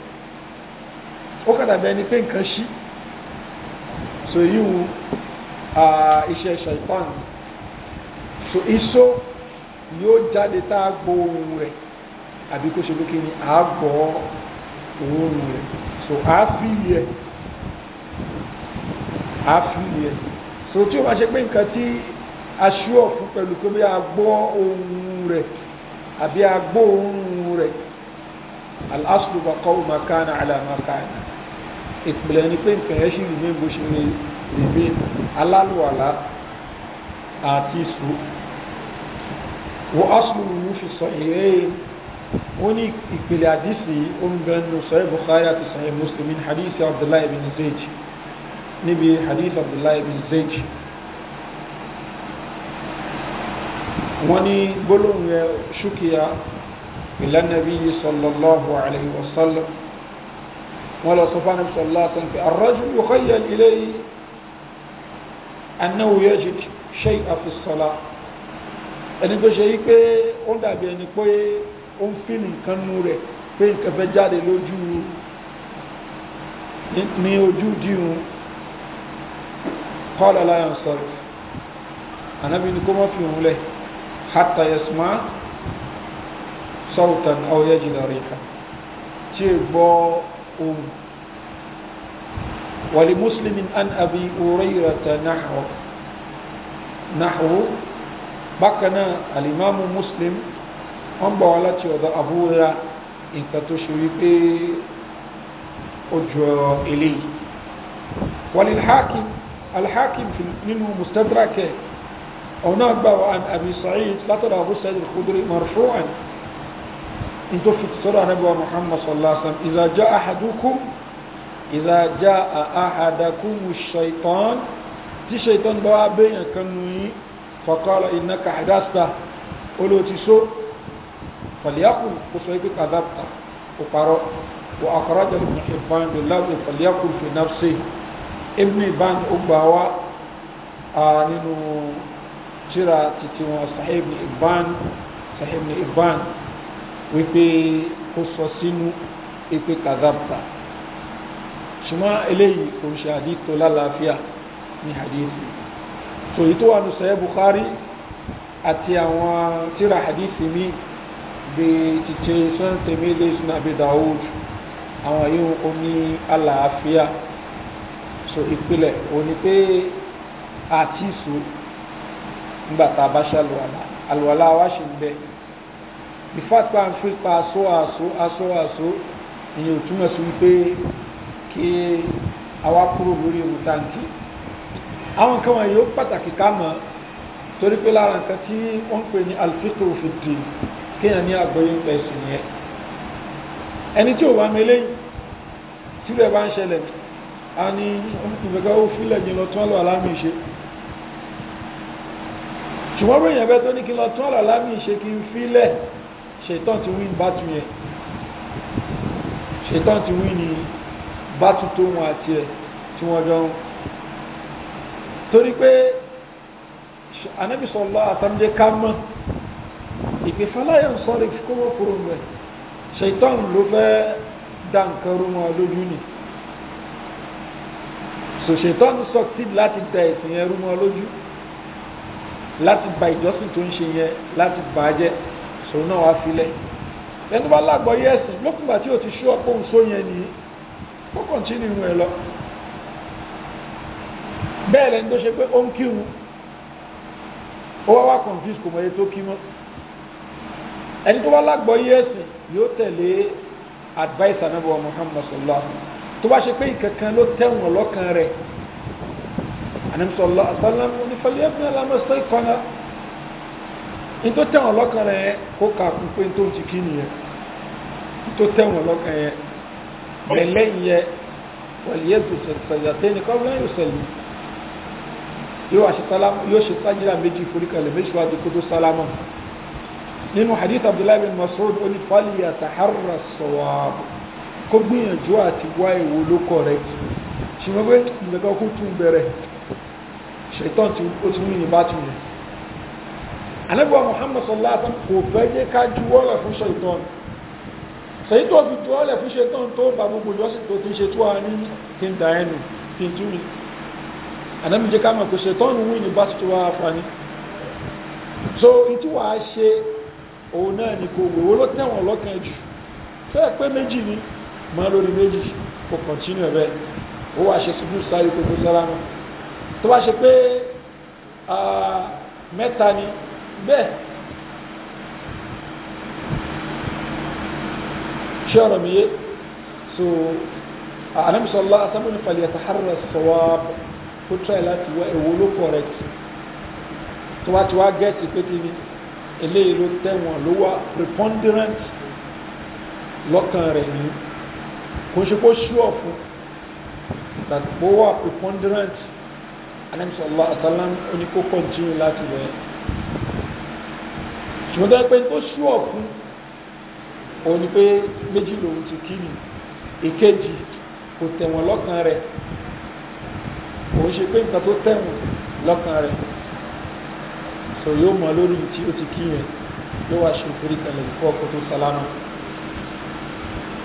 ó kàdà bẹ́ẹ̀ ni pé nǹkan ṣí so yíwu iṣẹ́ ṣaitan so iṣó yóò jáde tá a gbọ́ ohùn rẹ̀ àbí kó ṣe pé kí ni a gbọ́ ohùn rẹ̀ so a fi yẹ a fi yẹ so tí o bá ṣe pé nǹkan tí a ṣúọ̀ fún pẹ̀lú pé bí a gbọ́ ohùn rẹ̀ àbí a gbọ́ ohùn rẹ̀ al-aslu baqa'u ma kana ìpìlẹ̀ ni pé nǹkan yẹn ṣì bó ṣe rìmí alálùwàlá àti sùúrù. واصل النوش الصحيحين وني في الحديث ام بن صحيح بخاري صحيح مسلم حديث عبد الله بن زيد نبي حديث عبد الله بن زيد وني بلون شكيا الى النبي صلى الله عليه وسلم ولا صفان صلى الله عليه وسلم الرجل يخيل اليه انه يجد شيئا في الصلاه ẹni tó ṣe yí pé ó dàbí ẹni pé ó ń fìlì nǹkan nu rẹ̀ pé nǹkan fẹ́ jáde lójú ní ojú dìhun kọ́lá láyọ̀ sọ̀rọ̀ ànábì ni kó mọ́ fi òun lẹ̀ hata yasma sawtan aw yajida riha tí è gbọ́ ohun wàlí muslimin an abi hurayrata nahwu nahwu bákan náà alimami muslim wọ́n gbà wá láti ọ̀dọ̀ àbúrò nǹkan tó ṣe wípé ó jọ eléyìí wàlí alhakim alhakim nínú mustadrak ọ̀nà gbà wá abi sa'id látọ̀dọ̀ abu sa'id al-khudri marfu'an in tó sọ́dọ̀ anabi wa muhammad sallallahu alaihi wasallam idha jaa ahadukum idha jaa ahadakum ash-shaytan tí shaytan bá wá kan nù yín fọ̀kọ́lọ̀ iná kàdásítà olóòtísó fọ̀lẹ́kùn kò sọ ibi kàdápítà kò parọ́ wọ àkọ́rọ́jọ́ ibn Hibban láti fọ̀lẹ́kùn fi nafsi ibn Hibban ó gbà wá nínú tíra títí wọn Sahih ibn Hibban Sahih ibn Hibban wípé kò sọ sínú ipe kàdápítà ṣùgbọ́n eléyìí kò ṣe àdító lálàáfíà ní àdíyèsí so èyí tó wà ní sọ́yẹ́ Bukhari àti àwọn tíra hadithi mi bí títí sọ́n tèmi lè sùn àbí Dawud àwọn yìí ó ní àlàáfíà so ìpìlẹ̀ ò ní pé àti ìsù nígbà tá a bá ṣàlùwàlà àlùwàlà wa ṣì ń bẹ ìfàtpá ń fi pa aṣọ aṣọ aṣọ aṣọ ìyẹn ò túmọ̀ sí wípé kí àwa kúrò lórí ìmúta nǹkan àwọn nǹkan wọ̀nyí ó pàtàkì ká mọ̀ torí pé lára nǹkan tí wọ́n pè ní alfiqhu fi kéèyàn ní àgbọ́yé ń pẹ̀sù yẹn ẹni tí ò wá mi lẹ́yìn tí bá ń ṣẹlẹ̀ a ní ìfẹ́kẹ́ ó fílẹ̀ yẹn lọ tún àlọ́ alámì ṣe ṣùgbọ́n bí èèyàn bẹ́ tó ní kí lọ tún àlọ́ alámì ṣe kí n fílẹ̀ ṣètàn ti win bátù yẹn ṣètàn ti win ni bátù tó wọn àti ẹ̀ tí wọ́n jọ ń torí pé anabi sọlọ àtàmjẹ ká mọ ìpèfàlàyé sọrọ ìfikọwọ kúrò ń bẹ ṣètọ́n ló fẹ́ dá nǹkan rú wọn lójú ni so ṣètọ́n succeed láti da ẹ̀sìn yẹn rú wọn lójú láti ba ìjọsìn tó ń ṣe yẹn láti bà á jẹ́ sòun náà wá sílẹ̀ ẹni tó bá lágbọ́ yẹ́sìn lókùnbà tí o ti ṣú ọ̀pọ̀ òun sóyẹn nìyí ó kọ̀ntínú ẹ lọ bẹ́ẹ̀ lẹ́ni tó ṣe pé ó ń kírun ó wá wá confuse kò mọ iye tó kí mọ́ ẹni tó wá lágbọ́yé ẹ̀sìn yóò tẹ̀lé advice anabi wa muhammad sallallahu alaihi wa sallam tó bá ṣe pé ìkankan ló tẹ̀wọ̀n lọ́kàn rẹ̀ anabi sallallahu alaihi wa sallam onífẹ̀lẹ́ ẹ̀fún alámọ̀sọ́ ìkọ́nà ní tó tẹ̀wọ̀n lọ́kàn rẹ̀ kó kà kún pé tó ti kí nìyẹn tó tẹ̀wọ̀n lọ́kàn yẹn bẹ̀lẹ́ yẹn wọ̀lẹ́yẹ tó sẹ̀yàtẹ́ nìkan fún ẹ̀yọ́ sẹ̀yìn yóò ṣe sájìdá méjì foríkalẹ̀ méjì wájú kó tó sálámà nínú hadith abdullahi bin mas'ud ó ní fali ya taharra sawab kó gbìyànjú àti wá ìwò ló correct ṣùgbọ́n pé ìgbẹ̀gbẹ̀ kú tún bẹ̀rẹ̀ ṣètàn tí ó ti wíyìn bá tún yẹn anábíwá muhammad sallallahu alaihi wasallam kò fẹ́ jẹ́ ká ju wọ́lẹ̀ fún ṣètàn ṣèyí tó fi ju wọ́lẹ̀ fún ṣètàn tó bá gbogbo ìjọsìn tó ti ṣe tó wà ní kí n dà ẹnu kí n tún ànábi jẹ́ ká mọ̀ pé ṣètọ́nù wí ní bá ti tó wá fani so ìtí wàá ṣe òun náà ni kò wò ó ló tẹ̀wọ̀n lọ́kàn jù fẹ́ẹ̀ pé méjì ni mọ́ lórí méjì kò kọ̀ntínú ẹ̀ bẹ́ẹ̀ ó wàá ṣe sùdú sáré kókó sálámà tó bá ṣe pé mẹ́ta ni bẹ́ẹ̀ ṣé ọ̀rọ̀ mi yé so ànábi sallallahu alaihi wasallam ní falẹ̀ kó try láti wá èwo ló correct tó wá ti wá gẹ́ẹ̀tì pé kí ni eléyìí ló tẹ̀wọ̀n ló wá preponderant lọ́kàn rẹ̀ ní kò ṣe kó ṣúọ̀ fún tàbí ó wà preponderant anamsọ̀lá àtàlám oníkó continue láti lọ ṣùgbọ́n tó yẹ pé tó ṣúọ̀ fún òun pé méjì lòun ti kí ni èkejì kò tẹ̀wọ̀n lọ́kàn rẹ̀ òun ṣe pé nǹkan tó tẹ̀wọ̀n lọ́kàn rẹ̀ so yóò mọ lórí tí ó ti kí yẹn yóò wá ṣe ìforí kalẹ̀ fún ọkọ̀ tó sálámà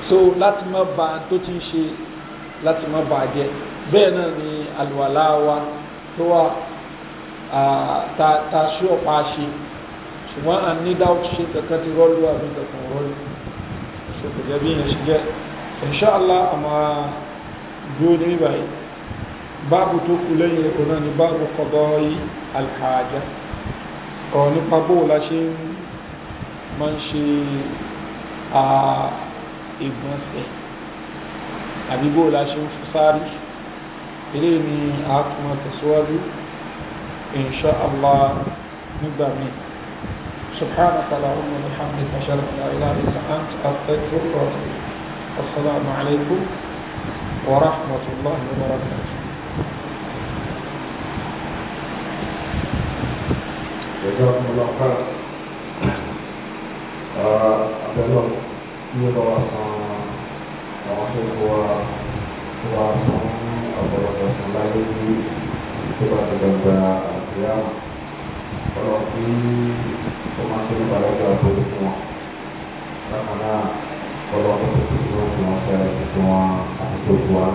so láti má ba tó ti ń ṣe láti má ba jẹ bẹ́ẹ̀ náà ni àlùwàlá wa tó wà ta ta ṣé ọ̀pá ṣe ṣùgbọ́n à ń ní dáwọ́ ṣe kankan ti rọ́ọ̀lù àbí kankan rọ́ọ̀lù so kò jẹ́ bí yẹn ṣe jẹ́ inṣáàlá àmọ́ dúró níbàyìí báàbù tó kù lẹ́yìn ẹ̀kọ́ náà ni báàbù kọ̀dọ̀ alhàjá ọ̀rọ̀ nípa bóò la ṣe máa ń ṣe ìgbọ̀nsẹ̀ àbí bóò la ṣe ń fúsárí ilé ni a tún tẹ̀síwájú insha Allah nígbà míì سبحانك اللهم وبحمدك اشهد ان لا اله الا انت استغفرك واتوب السلام عليكم ورحمه الله وبركاته Jazakumullah khair. Adalah ia bahasa maksud bahwa kuasa atau kuasa lain kepada benda yang berarti pemakai pada kabur semua. Nah, karena kalau kita semua semua saya semua aku semua.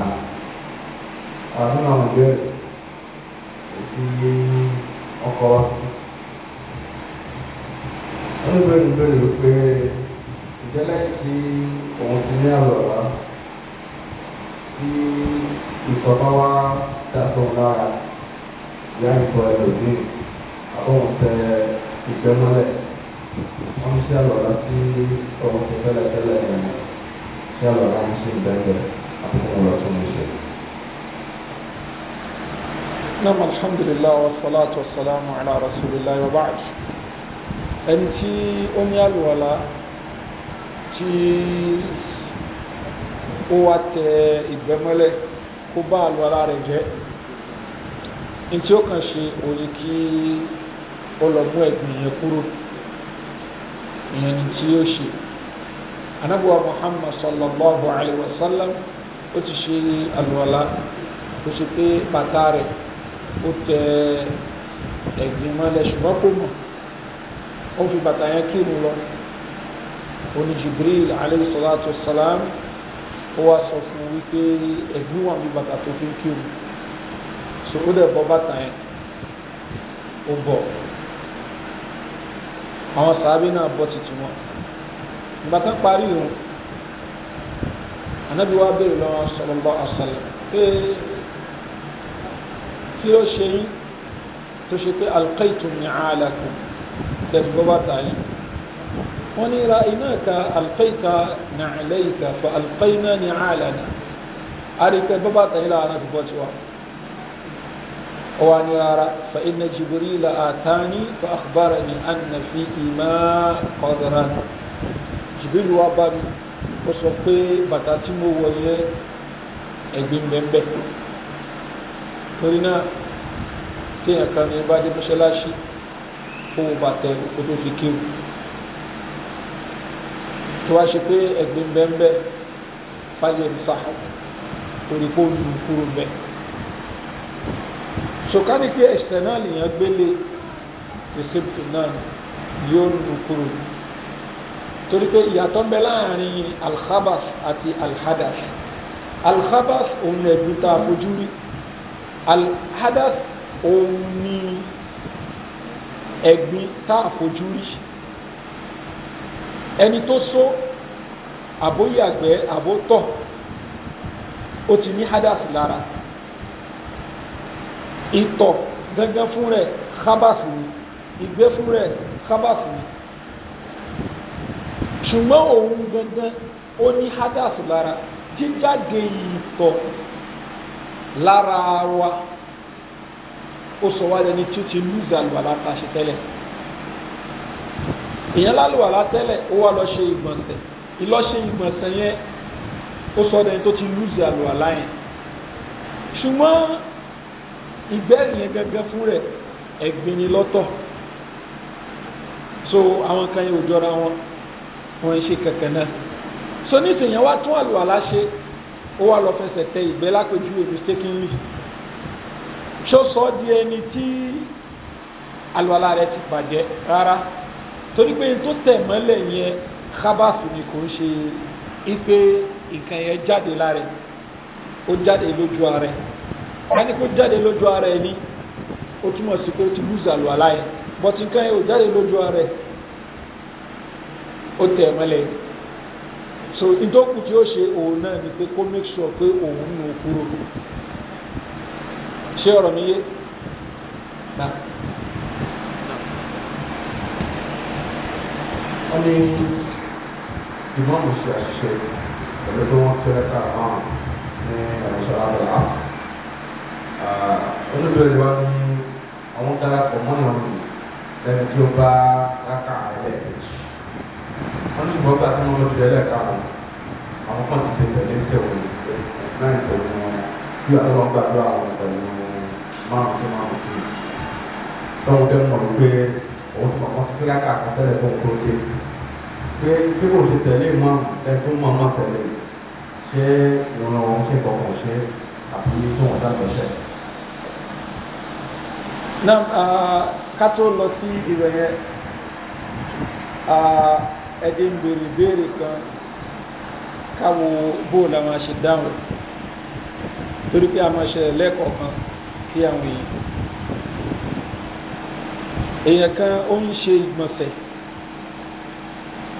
Aku namanya di oníbẹ̀rẹ̀ bẹ̀rẹ̀ pé ìjẹ́lẹ̀ tí òun ti ní àlọ́lá tí ìfọ̀bá wa dàtọ̀ lára ìyá ìfọ̀ ẹlòmíì àbọ̀wọ̀n tẹ ìgbẹ́mọ́lẹ̀ wọ́n ṣe àlọ́lá tí òun ti fẹ́lẹ̀ tẹ́lẹ̀ ẹ̀mọ́ ṣe àlọ́lá ń ṣe ìbẹ̀rẹ̀ àbúkù lọ́tún mi ṣe. نعم الحمد لله والصلاة والسلام على رسول الله وبعد ẹni tí ó ní àlùwàlá tí ó wá tẹ ìgbẹ́mọ́lẹ̀ kó bá àlùwàlá rẹ̀ jẹ́ ní tí ó kàn ṣe òye kí ó ẹ̀gbìn yẹn kúrò ìyẹn ní tí ó ṣe anabuwa muhammad sallallahu alayhi wa sallam ó ti ṣe àlùwàlá ó ṣe pé bàtà rẹ̀ ó tẹ ẹ̀gbìn mọ́lẹ̀ ṣùgbọ́n kò mọ̀ ó fi bàtà yẹn kírun lọ oní Jibril alayhi salatu wassalam ó wá sọ fún un wípé ẹ̀gbìn wà bí bàtà tó fi ń kírun so ó dẹ̀ bọ́ bàtà yẹn ó bọ̀ àwọn sàábì náà bọ́ títí wọn ìgbà parí òun ànábi wa béèrè lọ́wọ́ sallallahu alaihi pé kí ló ṣe yín tó ṣe pé alqaytum ni'alakum tẹ̀lé bọ́ bàtà yẹn wọ́n ní ra'inaka alqaita na'alayka fa alqaina ni'alana àríkẹ́ bọ́ bàtà yẹn láàrin àti bọ́ tiwa wọ́n ní rárá fa inna jibrila atani fa akhbarani anna fi ima qadran jibril wa bá mi ó sọ pé bàtà tí mo wọ̀ yẹ ẹ̀gbin bẹ́ẹ̀ torí náà téèyàn kan ní bá dé mọ́ṣáláṣí kó o bá tẹ kó tó fi kí o tó wá ṣe pé ẹ̀gbin bẹ́ẹ̀ fáyé nsáhà torí kó o lù kúrò bẹ́ẹ̀ sọ̀kánì pé ẹ̀sẹ̀ náà lèèyàn gbélé rìsíptì náà yóò lù kúrò torí pé ìyàtọ̀ ń láàrin alhabas àti alhadas alhabas òun ẹ̀gbin tá a fojú rí alhadas òun ní ẹ̀gbin tá a fojú rí ẹni tó só àbóyàgbẹ́ àbótọ̀ ó ti ní hadas lára ìtọ̀ gẹ́gẹ́ fún rẹ̀ habas ni ìgbé fún rẹ̀ habas ni ṣùgbọ́n òun gangan ó ní hadas lára jíjáde ìtọ̀ lára wa ó sọ wá lẹni tí ó ti lùzà àlùwàlá ta ṣe tẹ́lẹ̀ èèyàn lálùwàlá tẹ́lẹ̀ ó wá lọ ṣe ìgbọ̀nsẹ̀ ìlọ́ṣe ìgbọ̀nsẹ̀ yẹn ó sọ lẹni tó ti lùzà àlùwàlá yẹn ṣùgbọ́n ìgbẹ́ yẹn gangan fún rẹ̀ ẹ̀gbin lọ́tọ̀ so àwọn kan yẹn ò jọra wọn wọn ṣe kankan náà so nísìnyẹn wá tún àlùwàlá ṣe ó wá lọ fẹsẹ̀ tẹ ìgbẹ́ lápèjúwe tí ó sọ di ẹni tí alùwàlá rẹ̀ ti bàjẹ́ rárá torí pé tó tẹ̀ mọ́lẹ̀ yẹn kábàsù ni kò ń ṣe ipe nǹkan yẹn jáde lára ó jáde lójú ara ẹni kó jáde lójú ara ẹni ó túmọ̀ sí pé ó ti lùzà alùwàlá yẹn bọ́tí nǹkan yẹn ò jáde lójú ara ó tẹ̀ mọ́lẹ̀ so ìdókù tí ó ṣe òun náà ni pé kó make sure pé òun nù kúrò ṣé ọ̀rọ̀ mi yé na. wọ́n ní ìmọ̀ọ́mù ṣe àṣìṣe pẹ̀lú bí wọ́n fẹ́ ká hàn ní àmọ̀ṣọ́lá bọ̀lá. olùbẹ̀rẹ̀ wa ní àwọn darapọ̀ mọ́yàn mi lẹ́nu tí ó bá dáká ẹlẹ́ẹ̀kejì. wọ́n ní ìmọ̀ọ́gbà tí wọ́n lọ sí ẹlẹ́ẹ̀ka wọn àwọn kan ti ṣe tẹ̀lé tẹ̀wọ̀n náà ìtẹ̀wọ̀n wọn bí àwọn ọgbà lọ àwọn wọn márùn sí márùn sí lọ́wọ́ tẹ́ mọ̀ pé òun ti mọ̀mọ́ sí kíláàkà kan tẹ́lẹ̀ tó ń kó ṣe pé tí kò ṣe tẹ̀lé mọ́ ẹ tó mọ̀ mọ́ tẹ̀lé ṣé wọn lọ wọn ṣe kọ̀ọ̀kan ṣe àbí tí wọn dá lọ́ṣẹ̀. náà ká tó lọ kan sí àwọn èèyàn èèyàn kan ó ń ṣe ìgbọ̀nsẹ̀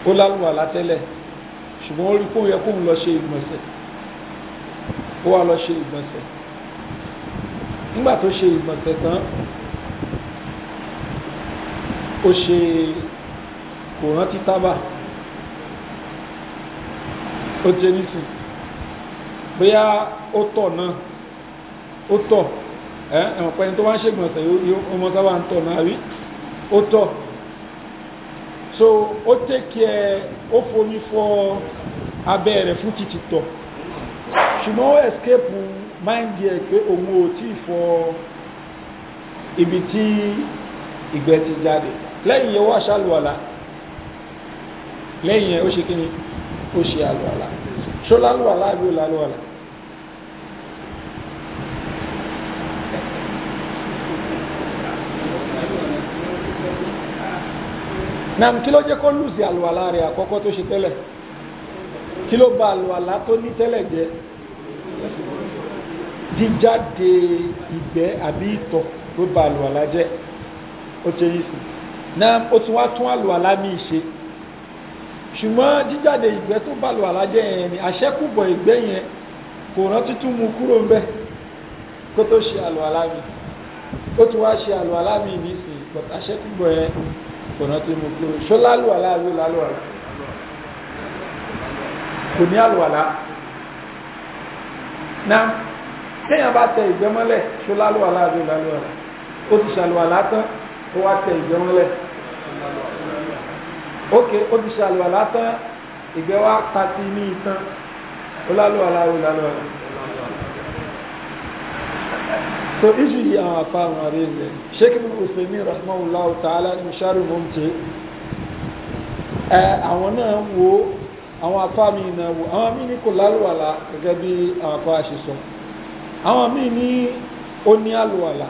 ó lálùwàlá tẹ́lẹ̀ ṣùgbọ́n ó rí kó yẹ kóun lọ ṣe ìgbọ̀nsẹ̀ ó wá lọ ṣe ìgbọ̀nsẹ̀ nígbà tó ṣe ìgbọ̀nsẹ̀ tán ó ṣe kò rántí tábà ó jẹ́ nísìn bóyá ó tọ̀ náà ó tọ̀ ẹ̀wọ̀n pẹ́ni tó wá ń ṣègbọ̀nsẹ̀ yóò ọmọ sábà ń tọ̀ náà rí ó tọ̀ so ó tẹ̀kí ẹ ó fomi fọ abẹ́ rẹ̀ fún títí tọ̀ ṣùgbọ́n ó escape mind ẹ̀ pé òun ò tí ì fọ ibi tí ìgbẹ́ ti jáde lẹ́yìn yẹn ó wá ṣàlùwàlà lẹ́yìn yẹn ó ṣe kí ni ó ṣe àlùwàlà ṣó lálùwàlà àbí ó lálùwàlà. nam kí ló jẹ́ kó lùsì àlùwàlá rẹ̀ àkọ́kọ́ tó ṣe tẹ́lẹ̀ kí ló ba àlùwàlá tó ní tẹ́lẹ̀ jẹ́ jíjáde ìgbẹ́ àbí ìtọ̀ ló ba àlùwàlá jẹ́ ó ṣe yìí sí nam ó tún wá tún àlùwàlá mi ṣe ṣùgbọ́n jíjáde ìgbẹ́ tó ba àlùwàlá jẹ́ yẹn ni àṣẹ́kùbọ̀ ìgbẹ́ yẹn kò rán títún mu kúrò ń bẹ̀ kó tó ṣe àlùwàlá mi ó tún wá ṣe àlùwàlá mi nísìnyí pọ̀ àṣẹ́kùbọ̀ yẹn kò rántí mu kí o ṣó lálùwàlá àbí lálùwàlá kò ní àlùwàlá náà téèyàn bá tẹ ìgbẹ́mọ́lẹ̀ ṣó lálùwàlá àbí lálùwàlá ó ti ṣàlùwàlá tán ó wá tẹ ìgbẹ́mọ́lẹ̀ ok ó ti ṣàlùwàlá tán ìgbẹ́ wa ta ní itan ó lálùwàlá àbí lálùwàlá so iṣu yìí àwọn afa àwọn ará ilẹ̀ sheikh ibn usaimin rahmanullah ta'ala ní sari mumti ẹ eh, àwọn náà wo àwọn afa mi náà wo àwọn mi ní kò lálùwàlà gẹ́gẹ́ bí àwọn afa ṣe sọ àwọn mi ní ó ní àlùwàlà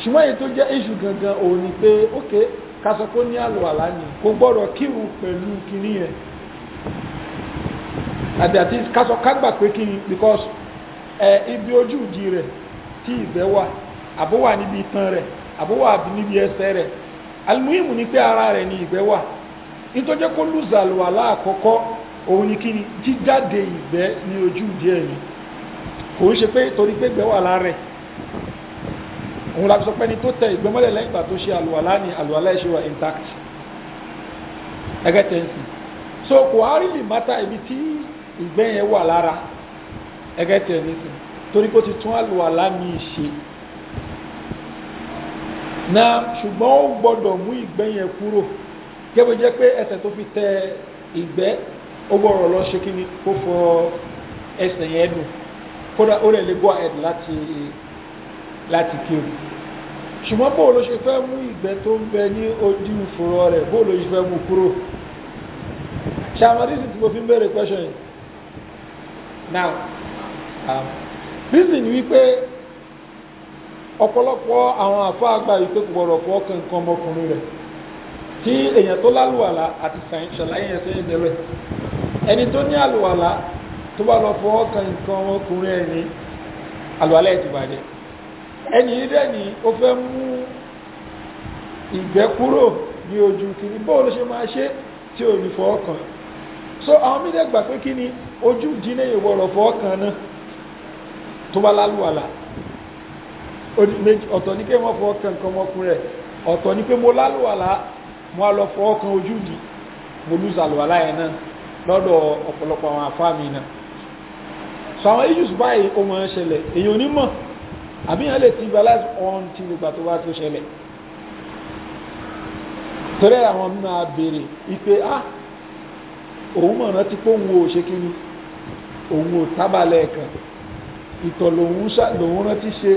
ṣùgbọ́n èyí tó jẹ́ iṣu gangan òun ni pé ok kásọ kó ní àlùwàlà ni kò gbọ́dọ̀ kírun pẹ̀lú kinní yẹn àbí àti kásọ kágbà pé kí because ẹ eh, ibi ojú ìdí rẹ̀ tí ìgbẹ́ wà àbó wà níbi itan rẹ̀ àbó wà níbi ẹsẹ̀ rẹ̀ alimuhimu ni pé ara rẹ̀ ni ìgbẹ́ wà nítorí kó lùzàlùwàlá àkọ́kọ́ òun ni kí ni jíjáde ìgbẹ́ ní ojú díẹ̀ ni kò ń ṣe pé torí pé ìgbẹ́ wà lára òun la sọ pé ni tó tẹ ìgbẹ́mọ́lẹ̀ lẹ́yìn ìgbà tó ṣe àlùwàlá ni àlùwàlá ẹ̀ wà intact ẹgẹ́ tẹ́ǹsì so kò á rí lè mátà ibi tí ìgbẹ́ yẹn wà lára ẹgẹ́ tẹ́ǹsì torí kó ti tún àlùwàlá mi ṣe na ṣùgbọ́n ó gbọ́dọ̀ mú ìgbẹ́ yẹn kúrò gẹ́gbẹ́ jẹ́ pé ẹsẹ̀ tó fi tẹ ìgbẹ́ ó gbọ́dọ̀ lọ ṣe kí ni kó fọ ẹsẹ̀ yẹn nù kódà ó lè lè go ahead láti láti kí o ṣùgbọ́n bóò ló ṣe fẹ́ mú ìgbẹ́ tó ń bẹ ní ojú ìfòrò rẹ̀ bóò ló ṣe fẹ́ mú kúrò ṣàmọ́dé tí mo fi ń bèèrè question now um, reason ni wípé ọ̀pọ̀lọpọ̀ àwọn àfa àgbà yìí tó gbọ́dọ̀ fọ́ kankan ọmọkùnrin rẹ̀ tí èèyàn tó lálùwàlà àti ṣàlàyé yẹn sẹ́yìn bẹ̀rẹ̀ ẹni tó ní àlùwàlà tó bá lọ fọ́ kankan ọmọkùnrin ẹ̀ ní àlùwàlà ẹ̀ ti bàjẹ́ ẹni yìí ni ó fẹ́ mú ìgbẹ́ kúrò ní ojú kìíní bóò ló ṣe máa ṣe tí ò ní fọ́ kan so àwọn mídẹ́gbà pé kí ni ojú dínà ìwọ̀rọ̀ fọ́ kan náà tó bá lálùwàlà ọ̀tọ̀ ní pé wọ́n fọwọ́ kan nǹkan ọmọkùnrin rẹ̀ ọ̀tọ̀ ní pé mo lálùwàlà mo á lọ fọwọ́ kan ojú di mo lùzà lùwàlà yẹn náà lọ́dọ̀ ọ̀pọ̀lọpọ̀ àwọn àfáà mi náà so àwọn issues báyìí ó máa ń ṣẹlẹ̀ èyàn onímọ̀ àbí yẹn lè ti gba ọ̀hún ti gbogbo tó tó ṣẹlẹ̀ torí àwọn náà béèrè ipe ah òun mọ̀ràn ti pé òun ò ṣe kí ìtọ̀ lòun rántí ṣe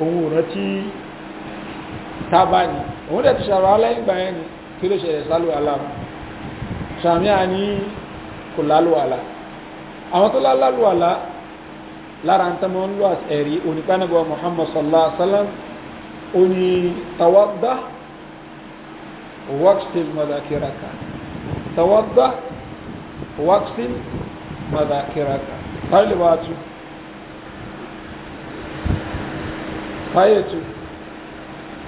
òun ò rántí tábà ní òun dẹ̀ ti ṣàrọ̀ aláìgbà yẹn ni kí ló ṣẹlẹ̀ sálò aláàmù sàmì àní kò lálò àlá àwọn tó lálò àlá lára ń tẹ́mọ̀ ń lọ ẹ̀rí onípánàbọ̀ Muhammad sallallahu alaihi wa sallam oní tawadda waqtil madhakiraka tawadda waqtil madhakiraka tàbí lè wá tún آيته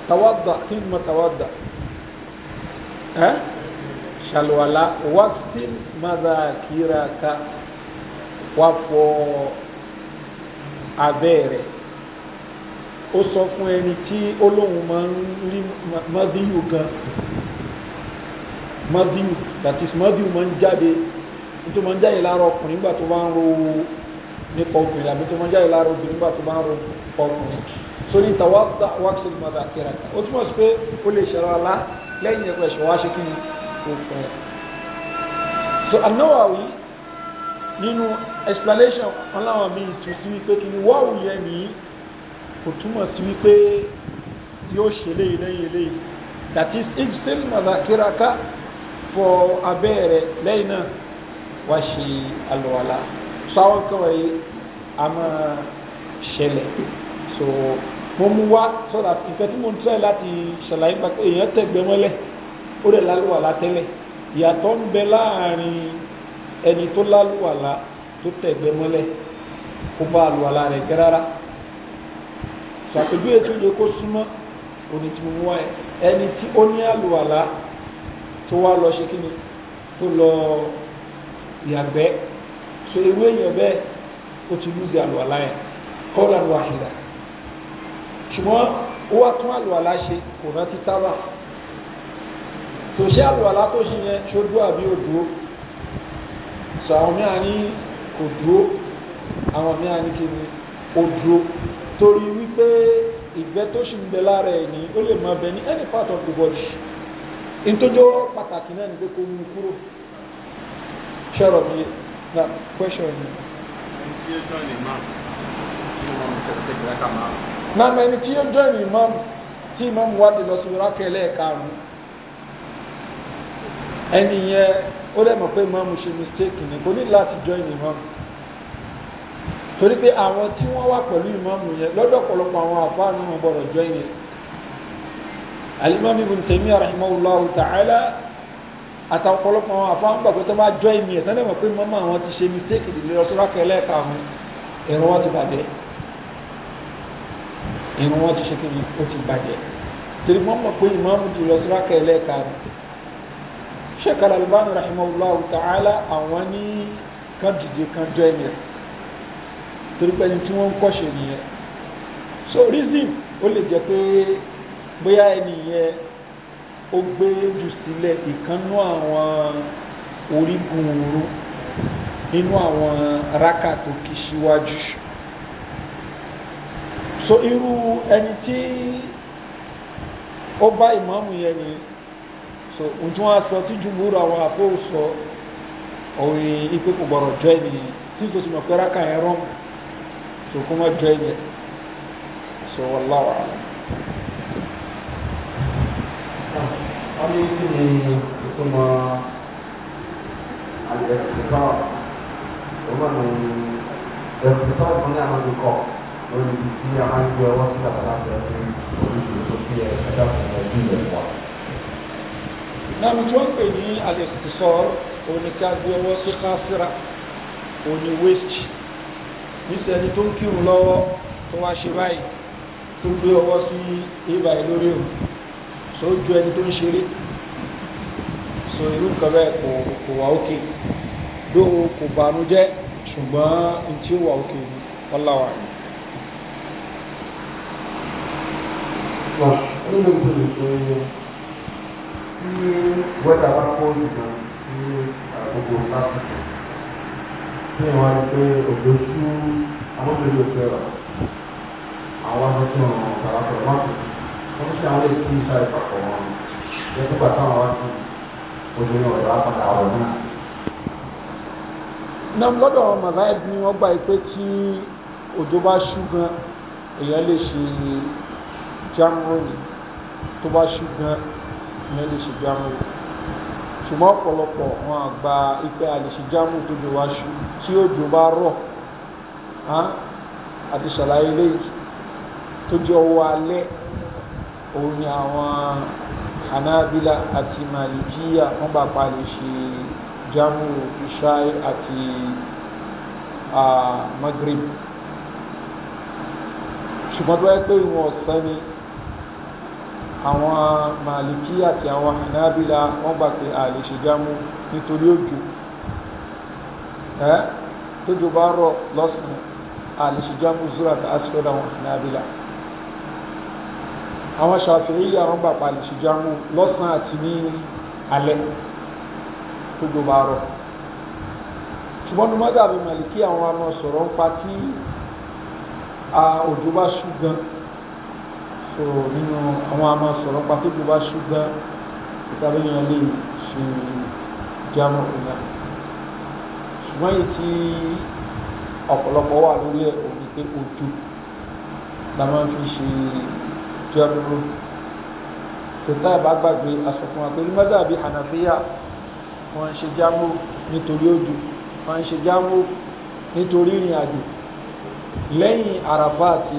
توضأ ثم توضأ ها شل ولا واغسل مذاكرك وفو abẹ́rẹ́ ó sọ fún ẹni tí olóhùn máa ń rí mọ́díyù gan mọ́díyù that is mọ́díyù máa ń jáde tó máa ń jáde lára ọkùnrin nígbà tó bá ń ro nípa obìnrin àbí tó máa ń jáde lára obìnrin nígbà tó bá ń ro ọkùnrin torí tàwátà wákìsì mọ̀dà kìràkà ó túmọ̀ sí pé ó lè ṣẹ̀rọ alá lẹ́yìn ẹ̀kọ́ ẹ̀ṣọ́ wá kò fẹ́ so anáwàwí nínú explanation ọláwọn mi tù sí wípé kí ni wáwù yẹn ní kò túmọ̀ sí wípé yóò ṣe léyìn lẹ́yìn léyìn that is ixil mọ̀dà kìràkà fọ abẹ́ rẹ̀ lẹ́yìn náà wá ṣe àlùwàlá so àwọn kan wọ̀nyí a máa ṣẹlẹ̀ so mo mú wá sọ́dà ìfẹ́ tí mo ń tẹ́ láti ṣàlàyé pàtó èèyàn tẹ̀gbẹ́ mọ́lẹ̀ ó rẹ̀ lálùwàlá tẹ́lẹ̀ ìyàtọ̀ ń bẹ láàrin ẹni tó lálùwàlá tó tẹ̀gbẹ́ mọ́lẹ̀ kó bá àlùwàlá rẹ̀ gẹ́ rárá ṣàpèjúwe tó yẹ kó súnmọ́ òní tí mo mú wá ẹni tí ó ní àlùwàlá tó wá lọ ṣe kíni tó lọ yàgbẹ́ so ewé èèyàn bẹ́ẹ̀ ó ti lùzẹ̀ àlùwàlá yẹn kọ́ làlùwàhìlà ṣùgbọ́n ó wá tún àlùwàlá ṣe kò rántí tábà tò ṣe àlùwàlá tó ṣe yẹn ṣó dúró àbí ò dúró sọ àwọn mìíràn ní kò dúró àwọn mìíràn ní kí ni ó dúró torí wípé ìgbẹ́ tó ṣì ń bẹ lára ẹ̀ ní ó lè máa bẹ ní any part of the body ìtọ́jọ́ pàtàkì náà ni pé kó mú kúrò ṣọ́rọ̀ mi na question yìí. ẹni tí ó jọ lè máa ṣe wọn kẹ̀kẹ́ kẹ̀kẹ́ ká máa náà ẹni tí yóò join imam tí imam wádìí lọ sí rákẹ́ lẹ́ẹ̀karùn-ún ẹni yẹn ó lè mọ̀ pé imam ṣe mistake ni kò ní láti join imam torí pé àwọn tí wọ́n wà pẹ̀lú imam yẹn lọ́dọ̀ ọ̀pọ̀lọpọ̀ àwọn àfáà ni wọ́n gbọ́dọ̀ join yẹn alimami ibn Taymiyyah rahimahullahu ta'ala àtàwọn ọ̀pọ̀lọpọ̀ àwọn àfáà ń gbàgbọ́ tó máa join yẹn tán lè pé imam àwọn ti ṣe mistake ìdílé lọ sí rákẹ́ lẹ́ẹ̀karùn-ún ẹ̀rọ ti bàjẹ́ irun wọn ti ṣe kí ni ó ti bàjẹ́ torí wọ́n mọ̀ pé ìmáàmù ti lọ síra kẹlẹ́ karùn Sheikh Al-Albani rahimahullahu ta'ala àwọn ní kan dìde kan jọ ẹ̀yẹ torí pé ẹni tí wọ́n ń kọ́ṣe nìyẹn so reason ó lè jẹ́ pé bóyá ẹni yẹn ó gbé jù sílẹ̀ ìkànnú àwọn orígun òru nínú àwọn rákà tó kí so iru ẹni tí ó bá ìmáàmù yẹn ni so ojú wọn sọ tí jùmúrù àwọn àfóò sọ òun ipe kò gbọdọ̀ jọ ẹni tí kò mọ̀ pé so kó má jọ ẹni so wallahu a'lam. ni lórí tí a máa ń gbé ọwọ́ sí àbálá jẹ pé oríṣi tó fi ẹ̀dá fún ẹbí rẹ̀ wà. náà tí wọ́n pè ní àlèkùn sọ oníkà gbé ọwọ́ sí káfíra òní wéṣì níṣẹ́ ẹni tó ń kírun lọ́wọ́ tó wá o so ju ẹni tó ń ṣeré kí ló dé ìpè tí wẹ́dà bá kó ìdùn sí gbogbo sáfìsì tí wọ́n á pé òjò sú àwọn tó lè fẹ́ràn àwọn akẹ́kọ̀ọ́ ọ̀hún kàrà pẹ̀lú wọn wọ́n ṣe àwọn èsì ìṣá ìpapọ̀ wọn yẹ́tí pàtó àwọn wá sí obìnrin ọ̀dọ́ apàdà ọ̀rọ̀ náà. nam lọ́dọ̀ mazayed ni wọ́n gbà pé tí òjò bá ṣú gan èèyàn lè ṣe jámúrò tó bá ṣú gan ìyẹn lè ṣe jámù ṣùgbọ́n ọ̀pọ̀lọpọ̀ wọn àgbà ipe a lè ṣe jámù tó lè wá ṣú tí òjò bá rọ̀ àti ṣàlàyé léyìí tó jẹ́ owó alẹ́ òun ni àwọn hanabila àti malikiya wọn bá pa lè ṣe jamu ishai àti maghrib ṣùgbọ́n tó wáyé pé ìwọ̀n ọ̀sán ni àwọn maliki àti àwọn hànábìlà wọ́n gbà pé àlè ṣèjámú nítorí òjò ẹ́ tójò bá rọ̀ lọ́sàn-án àlè ṣèjámú zura àti asfẹ́dà àwọn hànábìlà àwọn ṣàfihàn àwọn gbà pé àlè ṣèjámú lọ́sàn-án àti ní alẹ́ tójò bá rọ̀ ṣùgbọ́n ní mọ́tàbí màlìkí àwọn àmọ́ sọ̀rọ̀ ń pa tí òjò bá ṣú gan-an so nínú àwọn àmà sọ̀rọ̀ pàtó tó bá ṣùgbọ́n ìtàbí yẹn lè ṣe jámọ́ ìyá ṣùgbọ́n èyí tí ọ̀pọ̀lọpọ̀ wà lórí ẹ̀ òní pé ojú la máa fi ṣe jámọ́ tòtá ẹ̀ bá gbàgbé aṣọ fún wa pé mẹ́ta àbí hànàfíyà wọ́n ń ṣe jámọ́ nítorí ojú wọ́n ń ṣe jámọ́ nítorí ìrìn àjò lẹ́yìn àràfà àti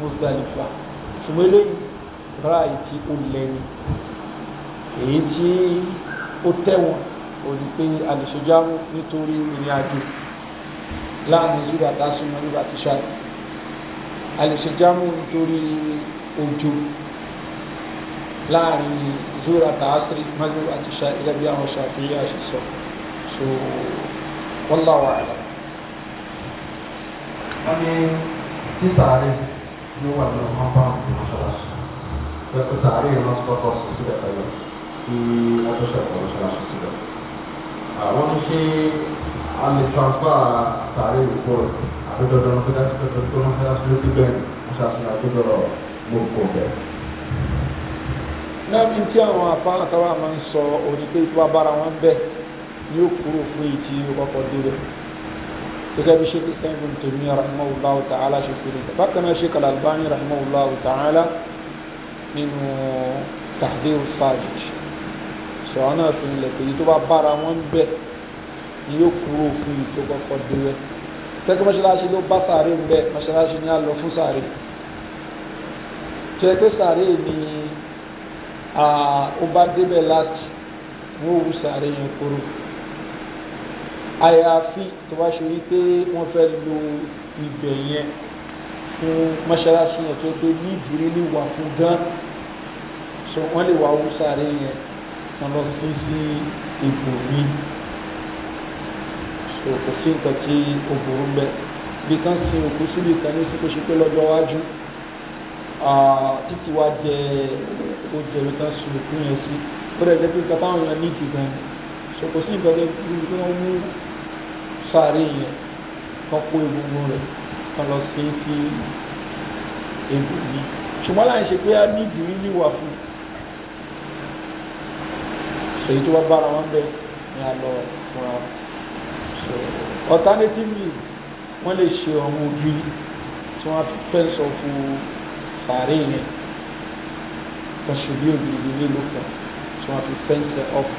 Muzdalifa ṣùgbọ́n eléyìí ráàyè tí ó lẹ́ni èyí tí ó tẹ̀wọ̀n òní pé a lè ṣojáwó nítorí ìrìn àjò láàrin zúrà dásùnmọ́ nígbà tí ṣáà a lè ṣojáwó nítorí òjò láàrin zúrà dásùrì mọ́gbẹ́ àti ṣáà ilẹ̀ bí àwọn ṣàfihàn ṣe sọ so wallahu a'lam. wọ́n ní sísàárẹ̀ ní wà nínú compound mọ́ṣáláṣí pẹ̀lú tààrí ìran pọ́pọ́ sí sílẹ̀ pẹ̀lú kí ọjọ́ṣẹ́ pọ̀ mọ́ṣáláṣí sílẹ̀. àwọn ní ṣe a lè transfer tààrí ìkó rẹ̀ àbẹ́dọ̀dọ̀ mọ́ṣáláṣí pẹ̀lú tó mọ́ṣáláṣí ló gbígbẹ́ mọ́ṣáláṣí àbẹ́dọ̀rọ̀ gbogbo bẹ̀. lẹ́yìn tí àwọn afá àtàwọn máa ń sọ òní pé tí wọ́n bára wọn bẹ́ẹ̀ yóò kúrò fún o ọkọ̀ délẹ̀ gẹ́gẹ́ bí sheikh islam ibn taymiyyah rahimahullahu ta'ala ṣe fi nìkan bákan náà sheikh al-albani rahimahullahu ta'ala nínú tahdir sajid sọ̀rọ̀ náà fi ń lẹ̀ pé tó bá bára wọn bẹ̀ ni yóò kúrò fún yìí tó kọ́kọ́ dé rẹ̀ tẹ́kọ̀ mọ́ṣáláṣí ló bá sàárè ń bẹ̀ mọ́ṣáláṣí ni a lọ fún sàárè tẹ́ pé sàárè ni ó bá débẹ̀ láti wọ́n wù sàárè yẹn kúrò àyàfi tó bá ṣe wípé wọ́n fẹ́ lo ibẹ̀ yẹn fún mọ́ṣáláṣí yẹn tó pé ní ìdúró lè wà fún gan so wọ́n lè wà wúsàárẹ̀ yẹn wọ́n lọ sí sí ipò mi so kò sí nǹkan tí ó burú bẹ́ẹ̀ bí kan sin òkú síbi kan ní sípò ṣe pé lọ́jọ́ iwájú títí wá jẹ ó jẹ ibi kan sin òkú yẹn sí ó dẹ̀ jẹ́ pé nǹkan táwọn èèyàn ní ìdìgbà so kò sí nǹkan tó wọ́n mú sáré yẹn kan kó egungun rẹ̀ kan lọ sí sí egbògi ṣùgbọ́n láì ṣe pé a ní ìdúrí níwà fún ṣèyí tó bá bára wọn bẹ́ẹ̀ ni a lọ fúnra alternatively wọ́n lè ṣe ọ̀hún ojú tí wọ́n fi fẹ́ǹsọ̀ fún sàárè yẹn kan ṣe bí ògiri nílò kan tí wọ́n fi fẹ́ǹsẹ̀ ọ̀fù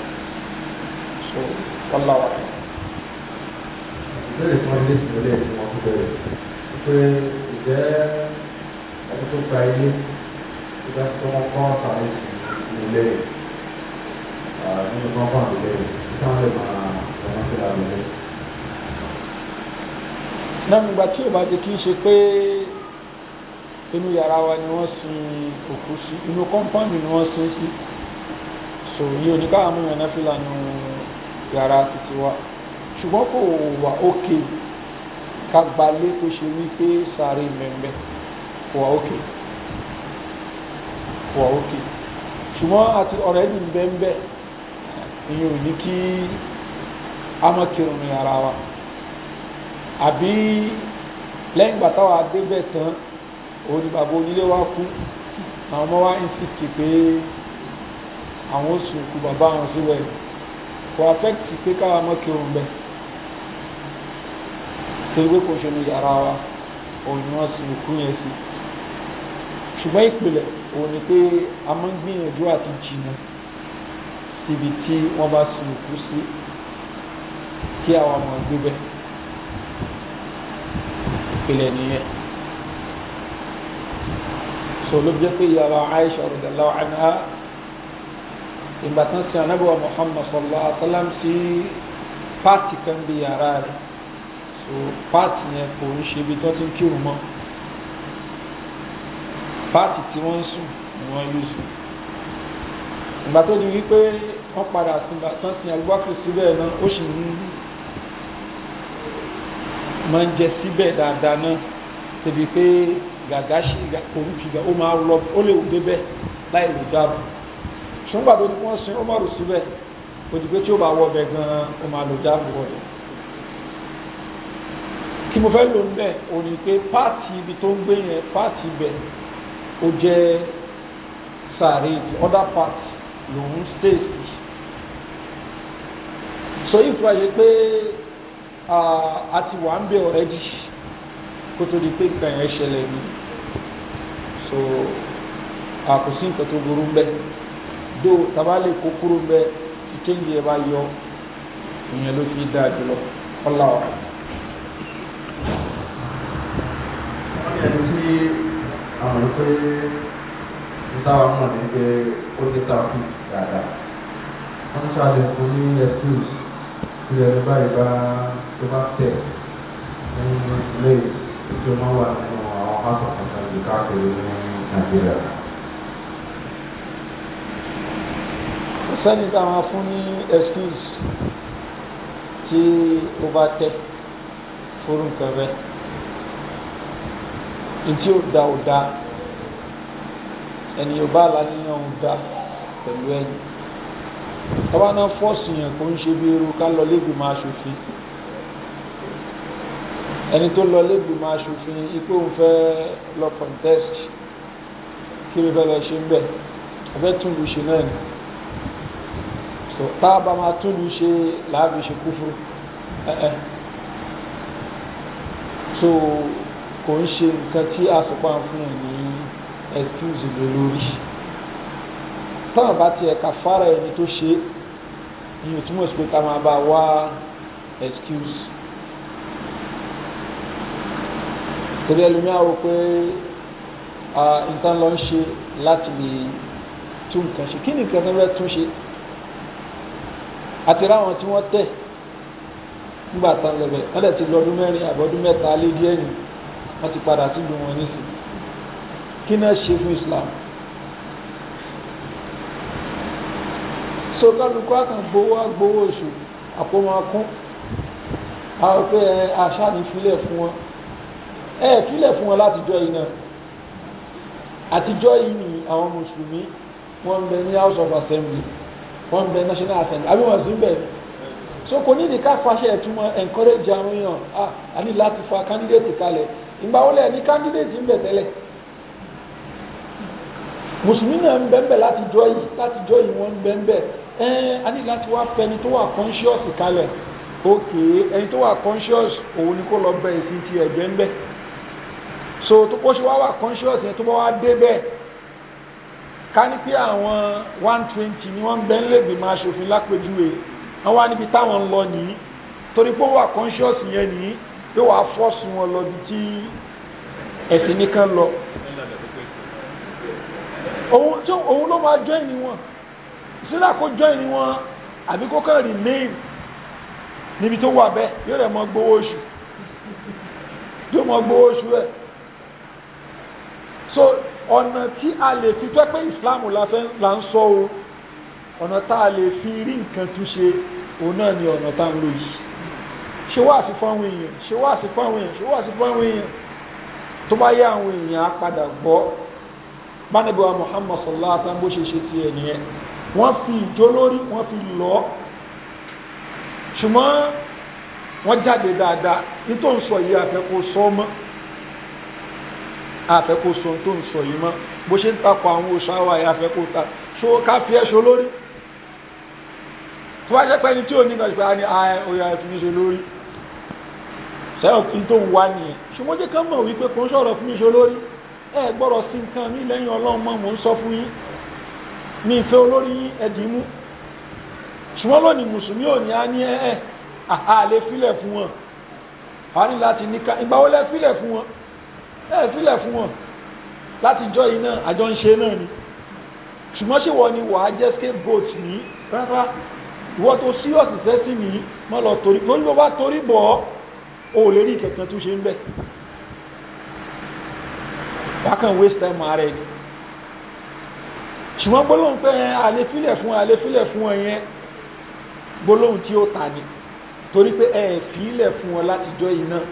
so wọ́n láwàá lórí fún ilé ìsìnlẹ̀ tí wọ́n bẹ̀rẹ̀ pé ìjẹ́ ẹni tó ta ilé tó bá tó wọn kọ́ sàmì ìlẹ̀ nínú kọ́ńpọ̀n ìlẹ̀ tí wọ́n lè máa wọ́n ti ra lọ́lẹ̀. lẹ́nu ìgbà tí ìbá ti kí ń ṣe pé inú yàrá wa ni wọ́n sin òkú sí inú kọ́ńpọ̀n ni wọ́n sin sí sòrí oníkàámú yẹn náà fìlà yàrá títí wa ṣùgbọ́n kò wà ókè kagbalé kó ṣe wípé sáré mẹ́mẹ́ kò wà ókè kò wà ókè ṣùgbọ́n àti ọ̀rẹ́ ní bẹ́ẹ̀bẹ́ ìyẹn ò ní kí a mọ̀ kírun ara wa àbí lẹ́yìn ìgbà táwa débẹ̀ tán òun ni bàbá onílé wa kú àwọn ọmọ wa ń sì kì pé àwọn oṣù kù bàbá àwọn síbẹ̀ kò affect pé káwa mọ̀ kírun bẹ́ẹ̀ torí pé kò ṣẹlẹ̀ yàrá wa òun ni wọ́n sin òkú yẹn sí ṣùgbọ́n ìpìlẹ̀ òun ni pé a máa ń gbìyànjú àti jìnnà síbi tí wọ́n bá sin òkú sí kí àwọn ọmọ gbé bẹ́ẹ̀ ìpìlẹ̀ nìyẹn so pé yàrá Aisha radiyallahu anha ìgbà tán sin anábọ̀ Muhammad sallallahu alaihi wasallam sí pààtì kan bí yàrá rẹ̀ o páàtì yẹn kò ń ṣe ibi tó ti ń kírun mọ́ páàtì tí wọ́n ń sùn ni wọ́n yóò sùn ìgbà tó di wípé wọ́n padà sígbà tó ń sin Abubakar síbẹ̀ náà ó sì ń máa ń jẹ síbẹ̀ dáadáa náà tẹ̀bi pé gàgá ṣe orúkìgà ó máa lọ ó lè wù débẹ̀ láì lò dáàbò ṣùgbọ́n gbàdúrà wọ́n sin Umaru síbẹ̀ òdìgbé tí ó bá wọ ọbẹ̀ gan-an ó máa lò dáàbò wọlé tí mo fẹ́ lò ń bẹ̀ ò ní pé páàtì ibi tó ń gbé yẹn páàtì ibẹ̀ ó jẹ́ sàárè the other part lòun stay sí so if wá ṣe pé a ti wà ń bẹ̀ already kó tó di pé nǹkan yẹn ṣẹlẹ̀ ni so kò sí nǹkan tó burú mbẹ do taba lè kó kúrò mbẹ ìkéyìí ẹ bá yọ ìyẹn ló fi dáa jùlọ ọlọ́wọ́. wọ́n ní a tí àwọn ìpè ìtawà mọ̀ ní pé ó ní tàbí dáadáa wọ́n ní sáà lè fún ní excuse tí ẹni báyìí bá tó bá tẹ̀ ní ilé tí ó máa wà nínú àwọn pásọ̀ kọ̀ọ̀kan yìí káàkiri ní nàìjíríà. sẹ́ni táwọn fún ní excuse tí ó bá tẹ̀ fórúkọ bẹ́ẹ̀ ntí ó da ó da ẹni ọba aláníyàn ó da pẹ̀lú ẹ̀yìn tọ́wọ́ náà fọ́ọ̀sì yẹn kò ń ṣe bí irú ká lọ lẹ́gbẹ̀ẹ́ máa ṣòfin ẹni tó lọ lẹ́gbẹ̀ẹ́ máa ṣòfin ipò ń fẹ́ lọ contest kí ló fẹ́ lọ ṣe ń bẹ̀ ọ̀fẹ́ tún lù ṣe náà ni so tá a bá máa tún lù ṣe làá ṣe kúfúrú ẹ̀ẹ́ so kò ń ṣe nǹkan tí a fipá fún yàn ní excuse lé lórí táwọn bá tiẹ̀ ka fara ẹni tó ṣe ni ò túmọ̀ sí pé ká máa bá wá excuse. torí ẹlòmíà wò pé nǹkan lọ ń ṣe láti lè tún nǹkan ṣe kí ni nǹkan fẹ́ tún ṣe àti ráwọn tí wọ́n tẹ̀ nígbà tán lẹ́bẹ̀ẹ́ wọ́n lè lọ́dún mẹ́rin àbọ̀dún mẹ́ta lé díẹ̀ nìyí wọ́n ti padà sílùú wọn nísìn kí náà ṣe fún islam so kálukú àkàn gbowó agbowó oṣù àpòmọ̀kún àwọn pé àṣà fún wọn ẹ filẹ̀ fún wọn látijọ́ yìí náà àtijọ́ yìí ni àwọn mùsùlùmí wọ́n ń bẹ ní house of assembly wọ́n ń bẹ national assembly àbí wọ́n ń bẹ so kò ní ìdíkà fàṣẹ ẹ̀tún wọn encourage àwọn èèyàn ah, a ní láti fa candidate kalẹ̀ ìgbà wọlé ẹni candidate ń bẹ tẹ́lẹ̀ mùsùlùmí náà ń bẹ́ẹ̀ láti jọ yìí láti jọ yìí wọ́n ń bẹ́ẹ̀ ẹ̀ẹ́n a ní láti wá fẹni tó wà conscious kalẹ̀ ok ẹni tó wà conscious òun ni kó lọ bẹ ìsìn ti ẹ̀jẹ̀ ń bẹ so tó kó ṣe wá wà conscious yẹn tó bá wá dé bẹ́ẹ̀ ká ní pé àwọn one twenty ni wọ́n ń bẹ́ẹ̀ lẹ́gbẹ̀ẹ́ máa ṣòfin lápèjúwe àwọn níbi táwọn ń lọ nìyí torí pé ó wà conscious yẹn nìyí yóò wá fọ́ọ̀sì wọn lọ bí tí ẹ̀sìn nìkan lọ òun ló máa join ni wọn sílá kó join ni wọn àbí kó kàn remain níbi tó wà bẹ́ẹ̀ yóò rẹ̀ mọ gbowó oṣù yóò mọ gbowó oṣù rẹ̀ so ọ̀nà tí a lè fi pẹ́ pé Islam la ń sọ o ọ̀nà tá a lè fi rí nǹkan túnṣe òun náà ni ọ̀nà tá ń lò yìí ṣe wá sí fáwọn èèyàn ṣe wá sí fáwọn èèyàn ṣe wá sí fáwọn èèyàn tó bá yá àwọn èèyàn á padà gbọ́ bánibíwa Muhammad sallallahu alaihi wasallam bó ṣe ṣe ti ẹ̀ nìyẹn wọ́n fi ìjó lórí wọ́n fi lọ́ ṣùgbọ́n wọ́n jáde dáadáa ní tó ń sọ yìí àfẹ́kó sọ mọ́ àfẹ́kó sọ tó ń sọ yìí mọ́ bó ṣe ń takọ àwọn òṣàwà yìí àfẹ́kó ta ṣó ká fi ẹ́ṣọ lórí tó wá jẹ́ pẹ́ni tí ò ní ìgbàjúpẹ́ á ní ààyè òyà ìfúnníṣe lórí tẹ́ọ̀kì tó ń wá nìyẹn ṣùgbọ́n jẹ́ ká mọ̀ wípé kò ń sọ̀rọ̀ fún mi ṣe olórí ẹ gbọ́dọ̀ sí nǹkan mi lẹ́yìn ọlọ́run mọ́ mò ń sọ fún yín mi ìfẹ́ olórí yín ẹ̀dì mú ṣùgbọ́n lónìí mùsùlùmí ò ní á ní ẹ àhà lè fún wọn a ní láti ní ká ìgbà wo lẹ fún wọn ẹ filẹ̀ fún wọn láti jọ yìí náà àjọ ń ṣe náà ni ṣùgbọ́n ṣé wọ́n ni wàá jẹ́ scapegoat ní rárá ìwọ́n tó serious ìfẹ́ sí mi mọ́ lọ torí torí bó bá torí bọ̀ ọ́ o lè rí kankan tó ṣe ń bẹ̀ wákàn waste time ara ẹni ṣùgbọ́n gbólóhùn pé àlefílẹ̀ fún àlefílẹ̀ fún ẹ̀yẹn gbólóhùn tí ó ta ni torí pé ẹ fílẹ̀ fún ọ látijọ́ yìí náà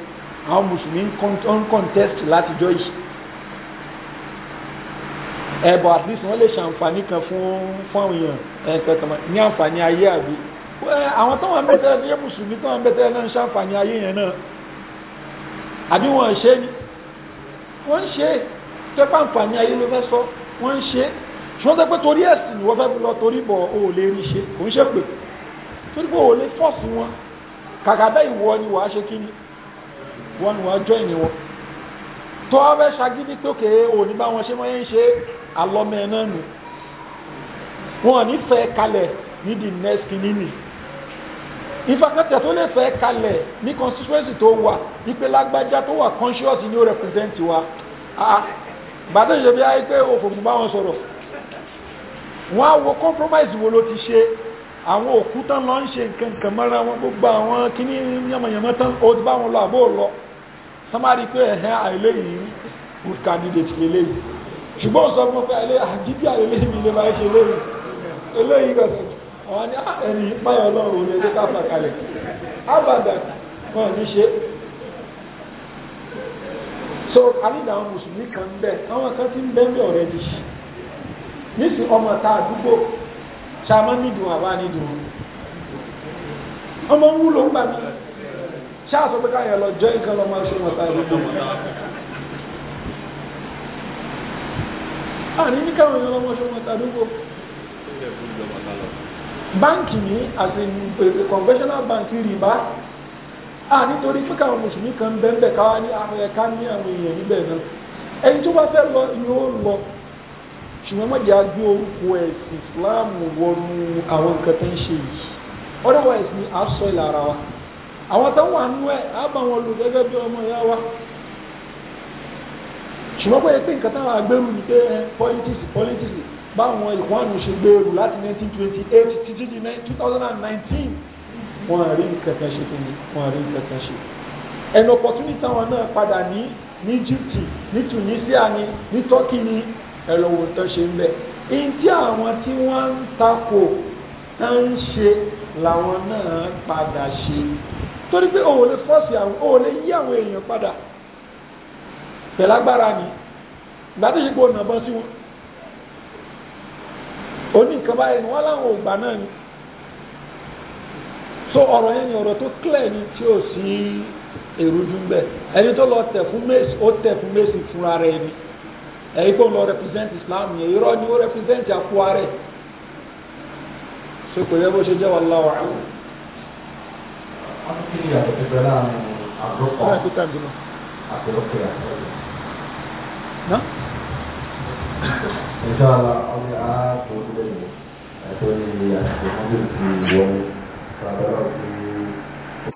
àwọn mùsùlùmí ń contest látijọ́ yìí ẹ̀bọ̀ at least wọ́n lè ṣàǹfààní kan fún fáwọn èèyàn ẹ̀ǹkan tọmọ ní àǹfààní ayé àbí àwọn tó wà ń bẹ̀tẹ̀ ẹ̀ mùsùlùmí tó wà ń bẹ̀tẹ̀ náà ń ṣàǹfààní ayé yẹn náà àbí wọ́n ń ṣe ni wọ́n ń ṣe tó pé àǹfààní ayé ló fẹ́ sọ wọ́n ń ṣe ṣùgbọ́n tó pé torí ẹ̀sìn ni wọ́n fẹ́ lọ torí bọ̀ o ò lè rí ṣe kò ń ṣe pé torí pé o lè fọ́ọ̀sì wọn kàkà bẹ́ẹ̀ ìwọ ni wàá ṣe kí ni wọ́n ni wàá jọ ìní wọn tó wọ́n fẹ́ ṣagídí pé òkè òní bá wọn ṣe mọ́ ń ṣe àlọ́mọ náà nù wọn ò ní fẹ́ kalẹ̀ ní the next kìnínní ìfàkẹ́tẹ̀ tó lè fẹ́ kalẹ̀ ní constituency tó wà ipe lágbájá tó wà conscious ni ó represent wa gbàtẹ́ ìṣe bí i pé òfòfò bá wọn sọ̀rọ̀ wọn á wo compromise wo ló ti ṣe àwọn òkú tán lọ ń ṣe nǹkan kan mọ́ra wọn gbogbo àwọn kíní yànmọ̀yànmọ́ tán ó ti bá wọn lọ àbó lọ sọmárì pé ẹ̀hẹ́ àìléyìn good candidate lélẹ́yìn ṣùgbọ́n sọ fún pé àìléyìn àjíbí àìléyìn mi lè máa ṣe lẹ́yìn eléyìí rẹ̀ àwọn ní ah, ẹni páyọ̀ ọlọ́run olè tó káfà kalẹ̀ abàdà wọn ní ṣe so àrídà àwọn mùsùlùmí kan ń bẹ àwọn kan ti ń bẹ ń bẹ ọ̀rẹ́ di nísì ọmọ ta àdúgbò ṣàmọ́ nídùn àbá nídùn ọmọ ń wúlò ń gbà mí ṣáà sọ pé káyọ̀ lọ jọ ìkan lọ́mọ ṣe wọn ta àdúgbò àní ní káwọn èèyàn lọ́mọ ṣe wọn ta àdúgbò. banking as in a, conventional banking riba a nítorí pé káwọn mùsùlùmí kan bẹ́ẹ̀ káwá ní àwọn ẹ̀ka ní àwọn èèyàn níbẹ̀ náà ẹni tó bá fẹ́ lọ ni ó lọ ṣùgbọ́n mọ̀jẹ̀ agbé orúkọ ẹ̀sìn Islam wọnú àwọn nǹkan tó ń ṣe yìí otherwise ni a sọ ara wa àwọn tó wà nú ẹ̀ á bá wọn lò gẹ́gẹ́ bí ọmọ ìyá wa ṣùgbọ́n pé nǹkan báwọn ìkwánu ṣe gbèrú láti 1928 títí di 2019 wọ́n rí nǹkankan ṣe kí ni wọ́n rí nǹkankan ṣe ẹnu opportunity àwọn náà padà ní ní Egypt ní Tunisia ní ní Turkey ní ẹlọ́wọ́ tó ṣe ń bẹ̀ èyí tí àwọn tí wọ́n ń takò náà ń ṣe làwọn náà padà ṣe torí pé òun lè fọ́ọ̀sì àwọn òun lè yí àwọn èèyàn padà pẹ̀lágbára ni ìgbà tó sí wọn oní nǹkan báyìí wọn láwọn ò gbà náà ni so ọ̀rọ̀ yẹn ni ọ̀rọ̀ tó clear ni tí o sí èrújú ń bẹ ẹni tó lọ tẹ̀ fún Messi ó fún fúnra ni Islam yẹn irọ́ ni ó represent àfúwá rẹ̀ so kò yẹ bó ṣe jẹ́ wà láwà. wọ́n ti kí ìyàtọ̀ na bẹ̀rẹ̀ láàrin àgbọ̀kọ̀ àti insha Allah wọ́n ní àá tó ń lẹ́yìn àti wọ́n ní àsìkò fún bí ti wọlé.